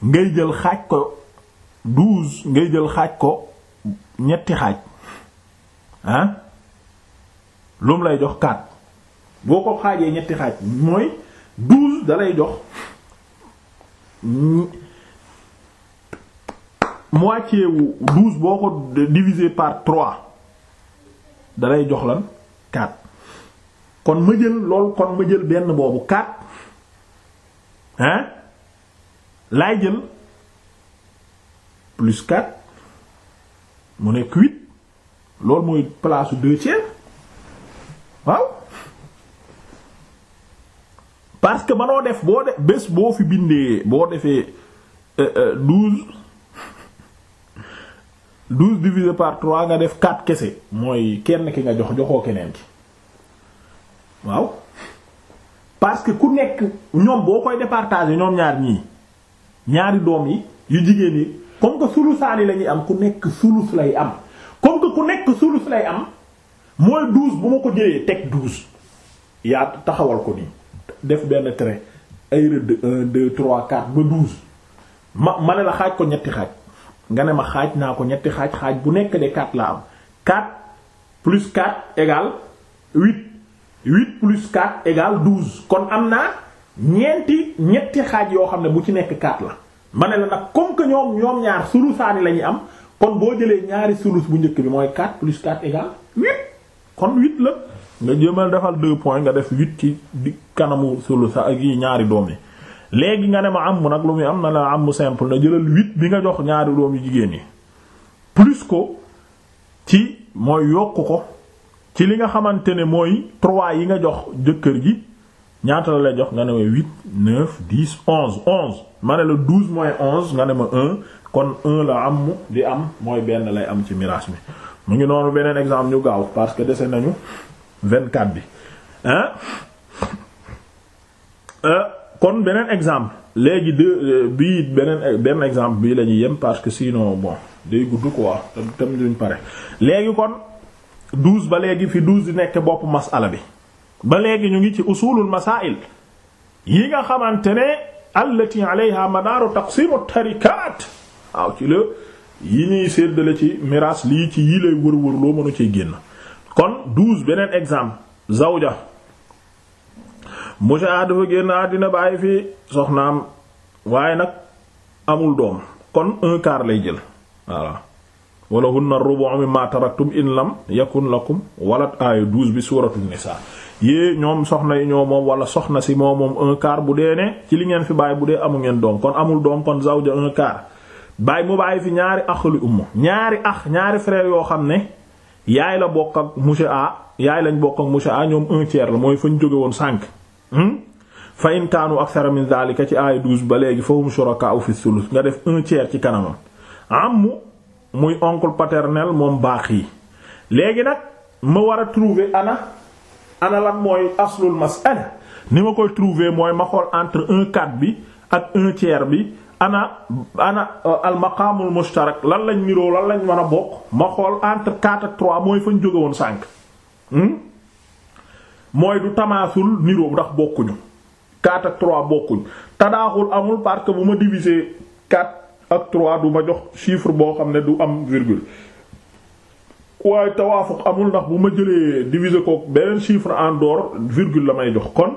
S1: ngay jël xaaj ko douze ngay jël xaaj ko ñetti xaaj hein loolu mu lay jox 4 boo ko xaajee ñetti xaaj mooy 12 da lay jox moitié wu 12 boo ko diviser par 3 da lay jox lan 4 kon ma jël lool kon ma jël benn boobu 4 hein laay jël plus 4 mu ne 8 loolu mooy place su deux waaw parce que manoo def boo def bés boo fi bindee boo defee euh, euh, douze douze divisé par trois nga def quatre kese mooy kenn ki nga jox joxoo keneen ki waaw parce que ku nekk ñoom boo koy départager ñoom ñaar ñii ñaari doom yi yu jigéen yi comme que sulusaani la ñuy am ku nekk sulus lay am comme que ku nekk sulus lay am. mooy douze bu ma ko jëlee teg douze yaa taxawal ko nii def benn trait ay rëdd un deux trois quatre ba douze ma ma ne la xaaj ko ñetti xaaj nga ne ma xaaj naa ko ñetti xaaj xaaj bu nekk de quatre la am quatre plus quatre égale huit huit plus quatre égale kon am naa ñeenti ñetti xaaj yoo xam ne bu ci nekk quatre la ma ne la nag comme que ñoom ñoom ñaar sulusaani la ñuy am kon boo jëlee ñaari sulus bu njëkk bi mooy quatre plus quatre égale kon huit la nga jëmal defal deux points nga def huit ci di kanamu sulu sa ak yi ñaari doom yi léegi nga ne ma am nag lu muy am na la am simple na jëlal huit bi nga jox ñaari doom yu jigéen yi plus ko ci mooy yokk ko ci li nga xamante ne mooy trois yi nga jox jëkkër gi ñaata la lay jox nga ne ma huit neuf dix onze onze ma ne la douze moins onze nga ne ma un kon un la am di am mooy benn lay am ci miraas mi mu ngi noonu beneen exemple ñu gaaw parce que dese nañu vingt-quatre bi hein euh, kon beneen exemple léegi de euh, bii beneen benn exemple bii lañuy ñuy parce que sino bon day gudd quoi tam tam duñ pare léegi kon douze ba léegi fi douze di nekk bopp masala bi ba léegi ñu ngi ci usulul masail yi nga xamante ne allati alayha madaaru taqsimu tarikat waaw ci la yi ñuy séddale ci miraas lii ci yii lay wër-wër loo mënu ci génn kon douze beneen exemple zawja musa dafa génn àddina bàyyi fi soxnaam waaye nag amul doom kon un quart lay jël voilà wala hunna rubu' mimma taraktum in lam yakun lakum walad aaya douze bi suuratu nisaa yée ñoom soxna yi ñoo moom wala soxna si moo moom un quart bu dee ne ci li ngeen fi bàyyi bu dee amu ngeen doom kon amul doom kon zawja un bàyyi mu bàyyi fi ñaari axalu umma ñaari ax ñaari frère yoo xam ne yaay la bokk ak monsieur A yaay lañ bokk ak monsieur A ñoom un la mooy fañ jóge woon sànq. Hmm? fa in kaanu akthara min ci aaya 12 ba léegi fahum shurakaa'u fi thuluth nga def un tiers ci kanamam ammu muy oncle paternel moom baax yi léegi nag ma war a trouver ana ana lan mooy aslul mas'ala ni ma koy trouver mooy ma xool entre un quart bi ak un tiers bi. ana ana euh, almaqaamul mushtarak lan lañ niroo lan lañ mën a bokk ma xool entre 4 ak 3 mooy fañ jóge woon sànq hmm? mooy du tamaasul niroo ndax bokkuñu 4 ak 3 tadaaxul amul parce que bu ma diviser 4 ak 3 du ma jox chiffre boo xam ne du am virgule waaye tawaafuq amul ndax bu ma jëlee diviser ko beneen chiffre en dehors virgule la may jox kon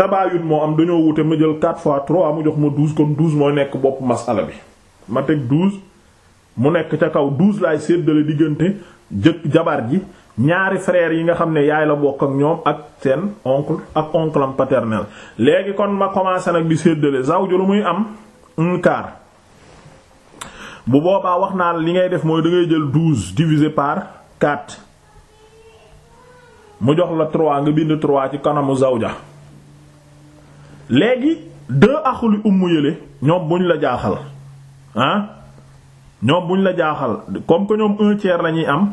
S1: tabaayun moo am dañoo wute ma jël 4 fois 3 mu jox ma 12 kon 12 mooy nekk bopp masala bi ma teg 12 mu nekk ca kaw 12 laay séddale diggante jëkk jabar ji ñaari frère yi nga xam ne yaay la bokk ak ñoom ak seen oncle ak oncle am paternel léegi kon ma commencé nag bi séddale zawju lu muy am un quart bu boobaa wax naa li ngay def mooy da ngay jël 12 divisé par 4 mu jox la 3 nga bind 3 ci kanamu zawja léegi deux axuli ummu yële ñoom ñu la jaaxal ah ñoom buñ la jaaxal comme que ñoom un tiers la ñuy am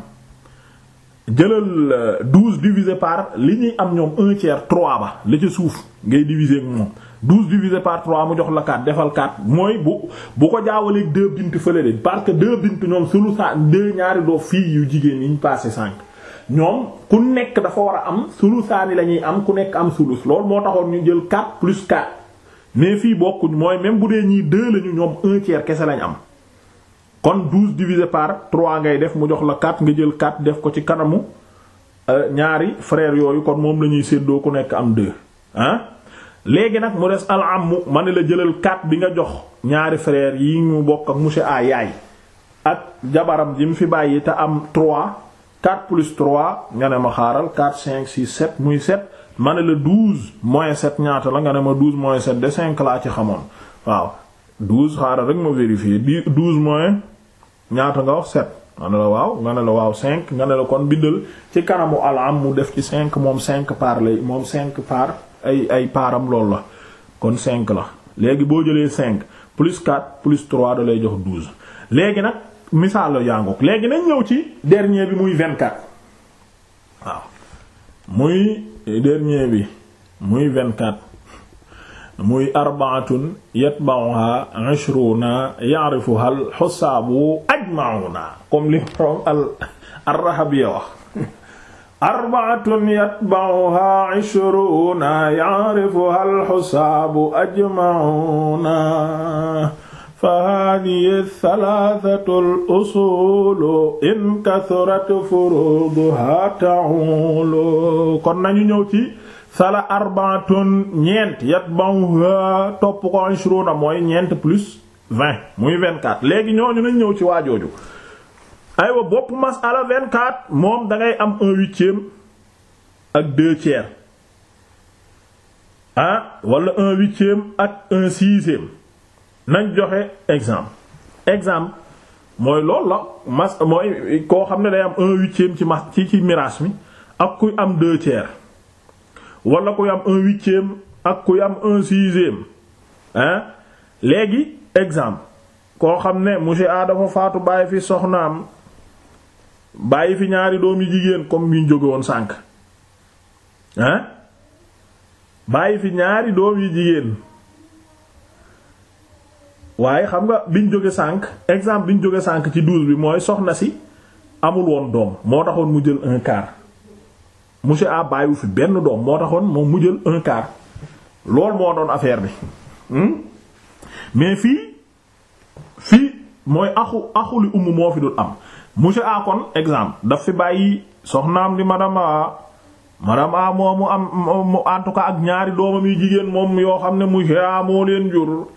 S1: jëlal euh, douze divisé par li ñuy am ñoom un tiers trois ba la ca suuf ngay diviser ak moom douze divisé part trois mu jox la quatre defal quatre mooy bu bu ko jaawaleeg deux bint fële de parce deux bint ñoom sulu sa deux ñaari doo fii yu jigéen yi ñu passé cinq ñoom ku nekk dafa war a am sulusaani la ñuy am ku nekk am sulus loolu moo taxoon ñu jël 4 plus 4 mais fii bokkuñ mooy même bu dee ñii 2 lañu ñoom un tiers kese lañ am kon 12 divisé par 3 ngay def mu jox la 4 nga jël 4 def ko ci kanamu euh, ñaari frère yooyu kon moom la ñuy séddoo ku nekk am 2 ah léegi nag mu des al amu ma ne la jëlal 4 bi nga jox ñaari frère yi ñu bokk ak monsieur A yaay ak jabaram ji mu fi bàyyi te am 3 4 plus 3 nga ne ma xaaral 4 5 6 7 muy 7 ma ne la 12 moins 7 ñaata la nga ne ma 12 moins 7 de 5 laa ci xamoon waaw 12 xaaral rek ma vérifier 12 moins ñaata nga wax 7 ma ne la waaw nga ne la waaw 5 nga ne la kon bindal ci kanamu alam mu def ci 5 moom 5 par lay moom 5 par ay ay paaram lool la kon 5 la léegi boo jëlee 5 plus 4 plus 3 da lay jox 12 léegi nag. misaalo yangook léegi nañ ñëw ci dernier bi muy 24 waaw muy dernier bi muy 24 muy arbaatun yatba'uha 'ishruna ya'rifuha al-husabu ajma'una comme li borom al ar-Rahabiyya wax arbaatun yatba'uha 'ishruna ya'rifuha al-husabu ajma'una فهذه الثلاثة الأصول إن كثرت فروضها تعول kon nañu ñëw ci sala arbaatun ñeent yatba'uha topp ko ishruna mooy ñeent plus muy vingt léegi ñooñu nañ ñëw ci waajooju aywa bopp masala moom dangay am un huitième ak deux ah, un huitième ak un nañ joxe exemple exemple mooy loolu la mas mooy koo xam ne day am un huitième ci mas ci ci miraas mi ak kuy am deux tiers wala kuy am un huitième ak kuy am un sixième léegi exemple koo xam ne monsieur aada dafa faatu bàyyi fi soxnaam bàyyi fi ñaari doom yu jigéen comme ñu jóge woon sànk hein bàyyi fi ñaari doom yi jigéen waaye xam nga biñ jóge sànq exemple bi biñ jóge sànq ci douze bi mooy soxna si amul woon doom moo taxoon mu jël un quart monsieur bàyyiwu fi benn doom moo taxoon moom mu jël un quart loolu moo doon affaire bi hmm? mais fii fii mooy axu axu umu moo fi dul am monsieur A kon exemple daf fi bàyyi soxnaam di madame A madame A moomu am mu en tout cas ak ñaari doomam yu jigéen moom yoo xam ne monsieur A moo leen jur.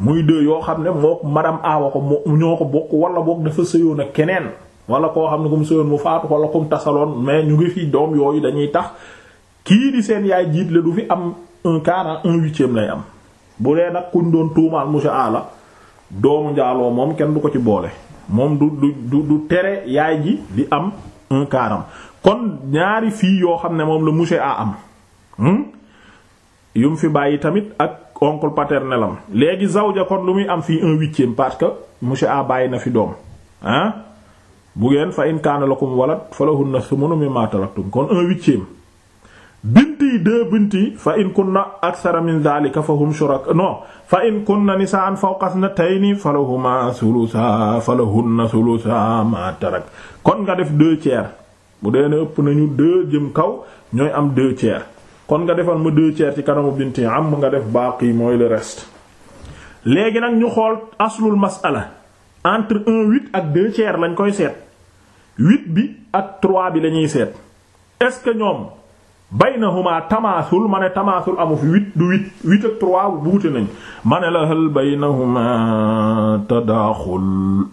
S1: muy deux yoo xam ne moo madame aawa ko moo ñoo ko bokk wala boog dafa sëyoon ak keneen wala koo xam ne ku mu sëyoon mu faatu wala ku tasaloon mais ñu ngi fi doom yooyu dañuy tax kii di seen yaay jiitle du fi am un quart un huitième lay am bu dee nag kuñ doon tuumaal monsieur la doomu njaaloo moom kenn du ko ci boole moom du du du tere yaay ji di am un quart kon ñaari fii yoo xam ne moom la monsieur a am hmm? yum fi bàyyi tamit ak oncle paternel am léegi zawja kon lu muy am fii un huitième parce que monsieur A bàyyi na fi doom ah bu ngeen fa in kaana lakum na falahunna thumunu mimma taraktum kon un huitième bint yi deux bint yi fa in kunna akthara min dhalika fahum shuraka non fa in kunna nisaan fawqa thnatayni falahuma thulutha falahunna thulutha ma tarak kon nga def deux tiers bu dee ne ëpp nañu deux jëm kaw ñooy am deux tiers kon nga defal ma deux tiers ci kanamu binti am nga def baaqi mooy le reste léegi nag ñu xool aslul masala entre un huit ak deux tiers lañ koy seet huit bi ak trois bi lañuy seet est-ce que ñoom baynahuma tamaasul ma ne tamaasul amu fi huit du huit huit ak trois buute nañ ma ne la hal baynahuma tadaaxul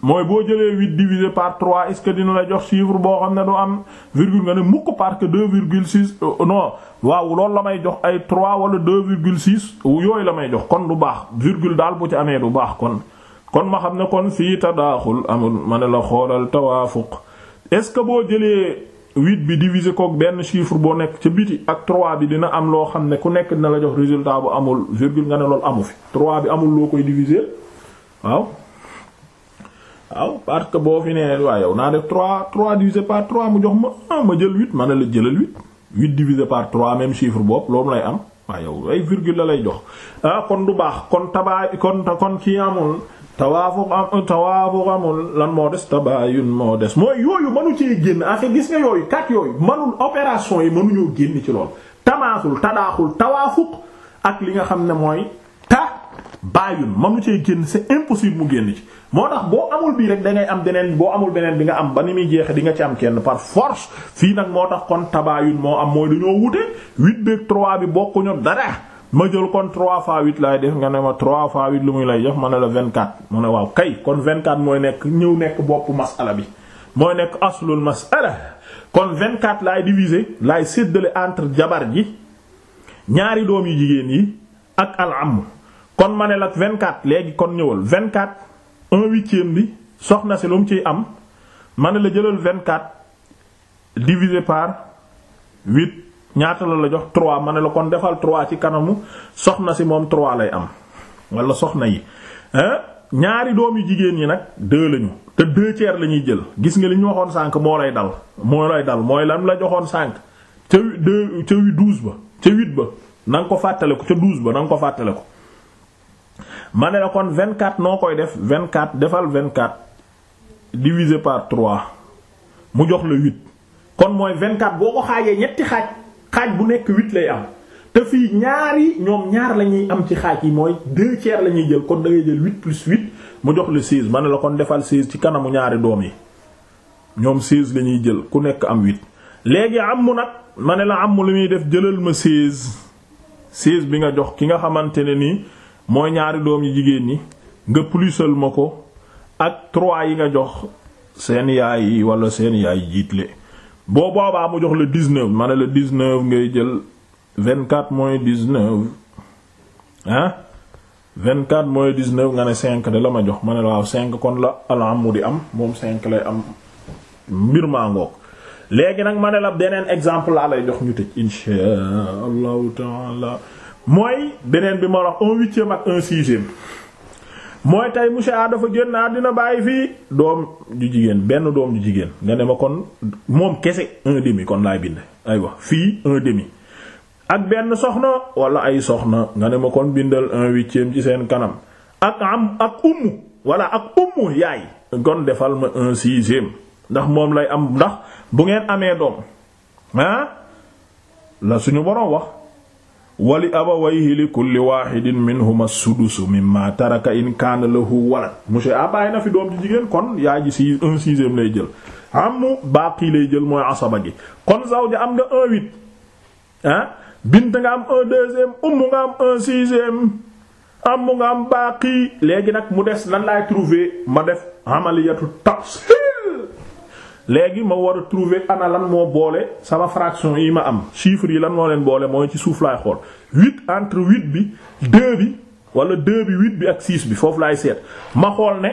S1: mooy boo jëlee huit divisé par trois est-ce que dina la jox chiffre boo xam ne du am virgule nga ne mukk parce que deux virgule six euh, euh, non waaw loolu la may jox ay trois wala deux virgule six yooyu la may jox kon du baax virgule daal bu ci amee du baax kon kon ma xam ne kon fii tadaaxul amul ma ne la xoolal tawaafuq est boo jëlee huit bi divisé kook benn chiffre boo nekk ca biti ak trois bi dina am loo xam ne ku nekk dina la jox résultat bu amul virgule nga ne loolu amu fi trois bi amul loo koy diviser waaw waaw parce que boo fi nee waaye yow naa def trois trois divisé par trois mu jox ma ah ma jël huit ma ne la jëlal huit huit divisé par trois même chiffre boobu loolu lay am waaye yow ay virgule la lay jox ah kon du baax kon tabaay kon kon amul. tawaafuq am tawaafuq amul lan moo des tabaayun moo des mooy yooyu mënu cee génn en fait gis nga yooyu kat yooyu mënul opération yi mënuñoo génn ci lool tamaasul tadaaxul tawaafuq ak li nga xam ne mooy ta tabaayun mënu cee génn c'est impossible mu génn ci moo tax boo amul bii rek da ngay am beneen boo amul beneen bi nga am ba ni muy jeexe di nga ci am kenn par force fii nag moo tax kon tabaayun moo am mooy dañoo wute 8 beeg bi bokkuñu dara ma jël kon 3 fois 8 laay def nga ne ma 3 fois 8 lu muy lay jox ma ne la 24 mu ne waaw kay kon 24 mooy nekk ñëw nekk boppu masala bi mooy nekk aslul masala kon 24 laay diviser laay séddale entre jabar ji ñaari doom yu jigéen yi ak al kon ma ne la 24 léegi kon ñëwal 24 1 huitième bi soxna si lum mu ciy am ma ne la jëlal 24 divisé par 8. ñaata la la jox trois ma ne la kon defal trois ci kanamu soxna si moom trois lay am wala soxna yi ñaari doom yu jigéen ñi nag deux lañu te deux tiers la ñuy jël gis nga li ñu waxoon sànq moo lay dal moo lay dal mooy lan la joxoon sànq ca deux ca douze ba ca huit ba na ko fàttale ko ca douze ba nanga ko fàttale ko ma ne la kon vingt quatre noo koy def vingt quatre defal vingt quatre divisé par trois mu jox la huit kon mooy vingt quatre boo ko xaajee ñetti xaaj bu nekk huit lay am te fii ñaar ñoom ñaar la am ci xaaj yi mooy deux tiers la ñuy jël kon da ngay jël huit plus huit mu jox la seize ma ne la kon defal seize ci kanamu ñaari doom yi ñoom seize la ñuy jël ku nekk am huit léegi amu nag ma ne la amu li muy def jëlal ma seize seize bi nga jox ki nga xamante ne nii mooy ñaari doom yi jigéen ñi nga plusal ma ko ak trois yi nga jox seen yaay yi wala seen yaay jiitle boo boobaa mu jox la dix-neuf ma ne la dix-neuf ngay jël vingt-quatre moins dix-neuf ah vingt-quatre moins dix-neuf nga ne cinq de la ma jox ma ne la waaw cinq kon la alam mu di am moom cinq lay am mbir maa ngoog léegi nag ma ne la beneen exemple laa lay jox ñu tëj insha allahu taala mooy beneen bi ma wax un huitième ak un sixième mooy tey monsieur A dafa génn àddina bàyyi fii doom ju jigéen benn doom ju jigéen nga ne ma kon moom kese un demi kon laay bind aywa fii un demi ak benn soxna wala ay soxna nga ne ma kon bindal un huitième ci seen kanam ak am ak ummu wala ak ummu yaay kon defal ma un sixième ndax moom lay am ndax bu ngeen amee doom ah la suñu boroom wax wali abawayhi li kulli wahidin minhuma sudusu mimma taraka in kaana lahu walad monsieur a bàyyi na fi doom ci jigéen kon yaa ji si un sixième lay jël amu baaqi lay jël mooy asaba gi kon zawja am nga un huit ah bint nga am un deuxième ummu nga am un sixième amu nga am baaqi léegi nag mu des lan laay trouver ma def amaliyatu tafsir léegi ma war a trouver ana lan moo boole sama fraction yi ma am chiffres yi lan moo leen boole mooy ci suuf laay xool huit entre huit bi deux bi wala deux bi huit bi ak six bi foofu laay seet ma xool ne.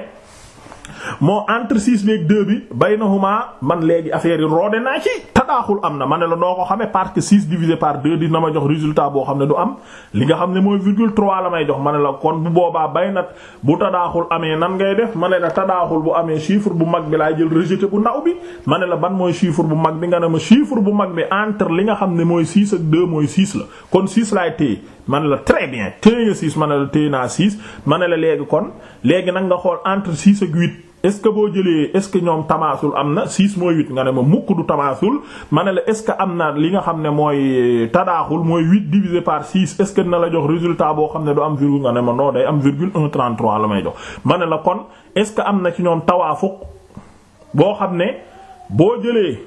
S1: moo entre six beeg deux bi baynahuma man léegi affaire yi roode naa ci tadaaxul am na ma ne la noo ko xamee parce que six divisé par deux na ma jox résultat boo xam ne du am li nga xam ne mooy virgule trois la may jox ma ne la kon boobaa bay nat bu tadaaxul amee nan ngay def ma ne la tadaaxul bu amee chiffre bu mag bi laay jël rejeté bu ndaw bi ma ne la ban mooy chiffre bu mag bi nga ne ma chiffre bu mag bi entre li nga xam ne mooy six ak deux mooy six la kon six laay téye ma ne la très bien téye nga six ma ne la téye naa six ma ne la léegi kon léegi nag nga xool entre six ak huit est-ce que boo jëlee est-ce que ñoom tamaasul am na 6 mooy 8 nga ne ma mukk du tamaasul ma ne la est am na li nga xam ne mooy euh, tadaaxul mooy 8 divisé par 6 est-ce que dina la jox résultat boo xam ne du am virgule nga ne ma non day am virgule 1,33 la may jox. ma ne la kon est-ce que am na ci ñoom tawaafuq boo xam ne boo jëlee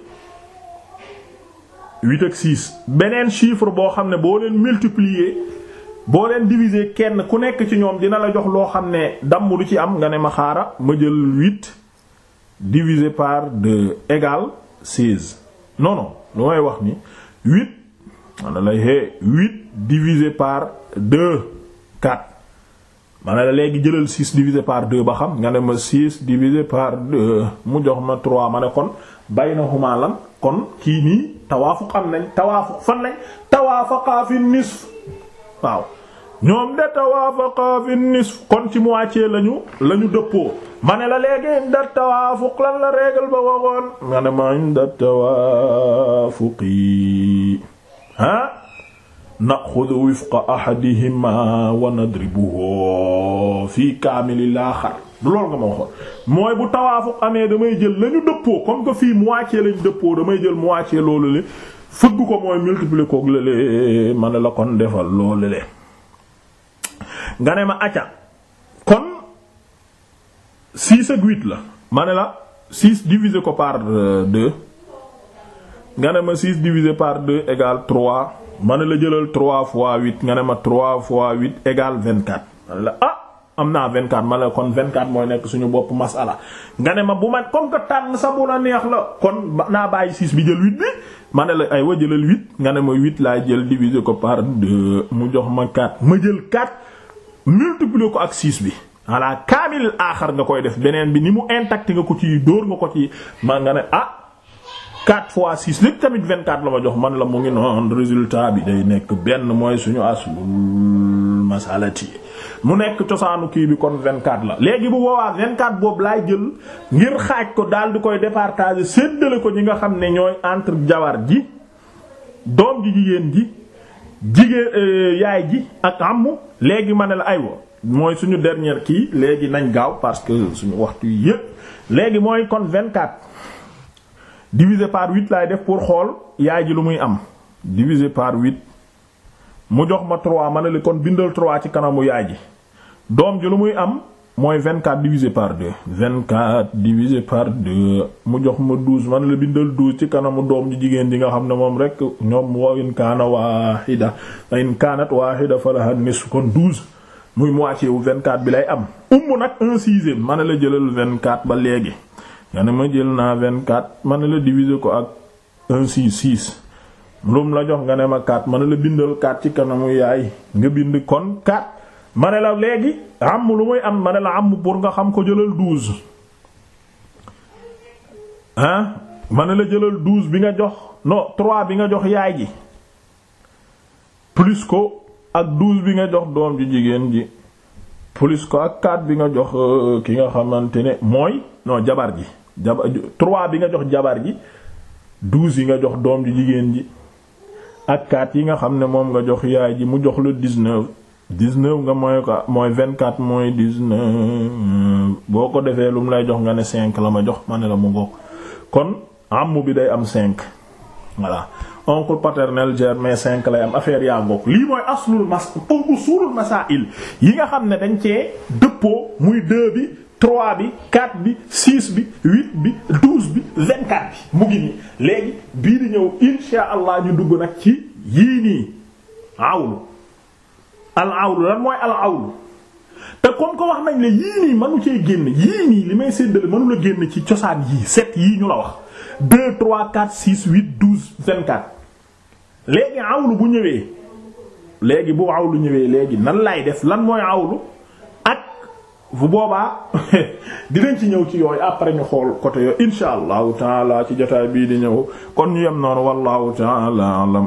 S1: 8 ak 6 beneen chiffre boo xam ne boo leen multiplier. boo leen diviser kenn ku nekk ci ñoom dina la jox loo xam ne damm du ci am nga ne ma xaara ma jël huit divisé par deux égale noonu non lu may wax ni huit ma ne la hé huit divisé par deux quatre ma ne la léegi jëlal six divisé par deux ba xam nga ne ma six divisé par deux mu jox ma trois ma ne kon bay na xumaa lan kon kii nii tawaafuq am nañ tawaafuq fan nañ tawaafaqa fi nisf waaw ñoom de tawaafaqa fi nisf kon ci moitié lañu lañu dëppoo ma ne la léegi inda tawaafuq lan la règle ba waxoon nga ne ma inda tawaafuqi ha naxudu wifqa ahadihima wa nadribuhu fi kaamili laaxar du loolu nga ma waxoon mooy bu tawaafuq amee damay jël lañu dëppoo comme que fii moitié lañu dëppoo damay jël moitié loolu le fëgg ko mooy multiplier la le ma ne la kon defal loolu le nga ne ma acca kon six ak huit la ma ne la six divisé ko par euh, deux nga ne ma six divisé par deux égale trois ma ne la jëlal trois fois huit nga ne ma trois fois huit égale vingt-quatre ma ne la ah am naa 24 ma la kon 24 mooy nekk suñu bopp masala nga ne ma bu ma comme que tànn sa bu la neex la kon naa bàyyi 6 bi jël 8 bi ma ne la ay wa jëlal 8 nga ne ma 8 laa jël diviser ko par 2 mu jox ma 4 ma jël 4 mu multiplier ko ak 6 bi ala kaamil aaxar nga koy def beneen bi ni mu intact nga ko ci dóor nga ko ci maa nga ne ah 4 fois 6 lépp tamit 24 la ma jox man la mu ngi noon résultat bi day nekk benn mooy suñu aslul masalati mu nekk cosaanu kii bi kon 24 la léegi bu boobaa 24 boobu laay jël ngir xaaj ko daal di koy départager séddale ko ñi nga xam ne ñooy entre jabar ji doom ji jigéen ji jigéen euh, yaay ji ak amu léegi ma ne la aywa mooy suñu dernière kii léegi nañ gaaw parce que suñu waxtu yi yépp léegi mooy kon 24 divisé par 8 laay def pour xool yaay ji lu muy am divisé par 8 mu jox ma 3 ma ne la kon bindal 3 ci kanamu yaay ji doom ji lu muy am. mooy vingt quatre divisé par deux vingt quatre divisé par deux mu jox ma douze man la bindal douze ci kanamu doom ji jigéen ji nga xam ne moom rek ñoom wa in kaana waahida in kaanat waahida falaha nisfu kon douze muy moitié wu vingt quatre bi lay am umm nag un sixième la jëlal vingt quatre ba léegi nga ne ma jël naa vingt quatre man la diviser ko ak un six six lum la jox nga ne ma quatre man la bindal quatre ci kanamu yaay nga bind kon quatre. ma la léegi am lu muy am ma la am pour nga xam ko jëlal douze ah ma la jëlal douze bi nga jox non trois bi nga jox yaay ji plus ko ak douze bi nga jox doom ji jigéen ji plus ko ak quatre bi nga jox euh, ki nga xamante ne mooy noo jabar ji jabar trois bi nga jox jabar ji douze yi nga jox doom ji jigéen ji ak quatre yi nga xam ne moom nga jox yaay ji mu jox le dix dix-neuf nga mooy ko mooy vingt-quatre mooy dix boo ko defee lu mu lay jox nga ne cinq la ma jox ma ne la mu ngoog kon amu bi day am cinq voilà oncle paternel germain cinq lay am affaire yaa ngoog lii mooy aslul mas usulul masail yi nga xam ne dañ cee dëppoo muy deux bi trois bi quatre bi six bi huit bi douze bi vingt-quatre bi mu ngi léegi bii di ñëw insha allah ñu dugg nag ci yii nii awlu al awlu lan mooy al awlu te comme que wax nañ la yii nii mënu cee génn yii nii li may séddale mënu la génn ci cosaan yii set yii ñu la wax 2 3 4 6 8 12 24. léegi awlu bu ñëwee léegi bu awlu ñëwee léegi nan laay def lan mooy awlu ak bu boobaa dinañ ci ñëw ci yooyu après ñu xool côté yooyu insha allahu taala ci jotaay bii di ñëw kon ñu yem noonu wallahu taala alam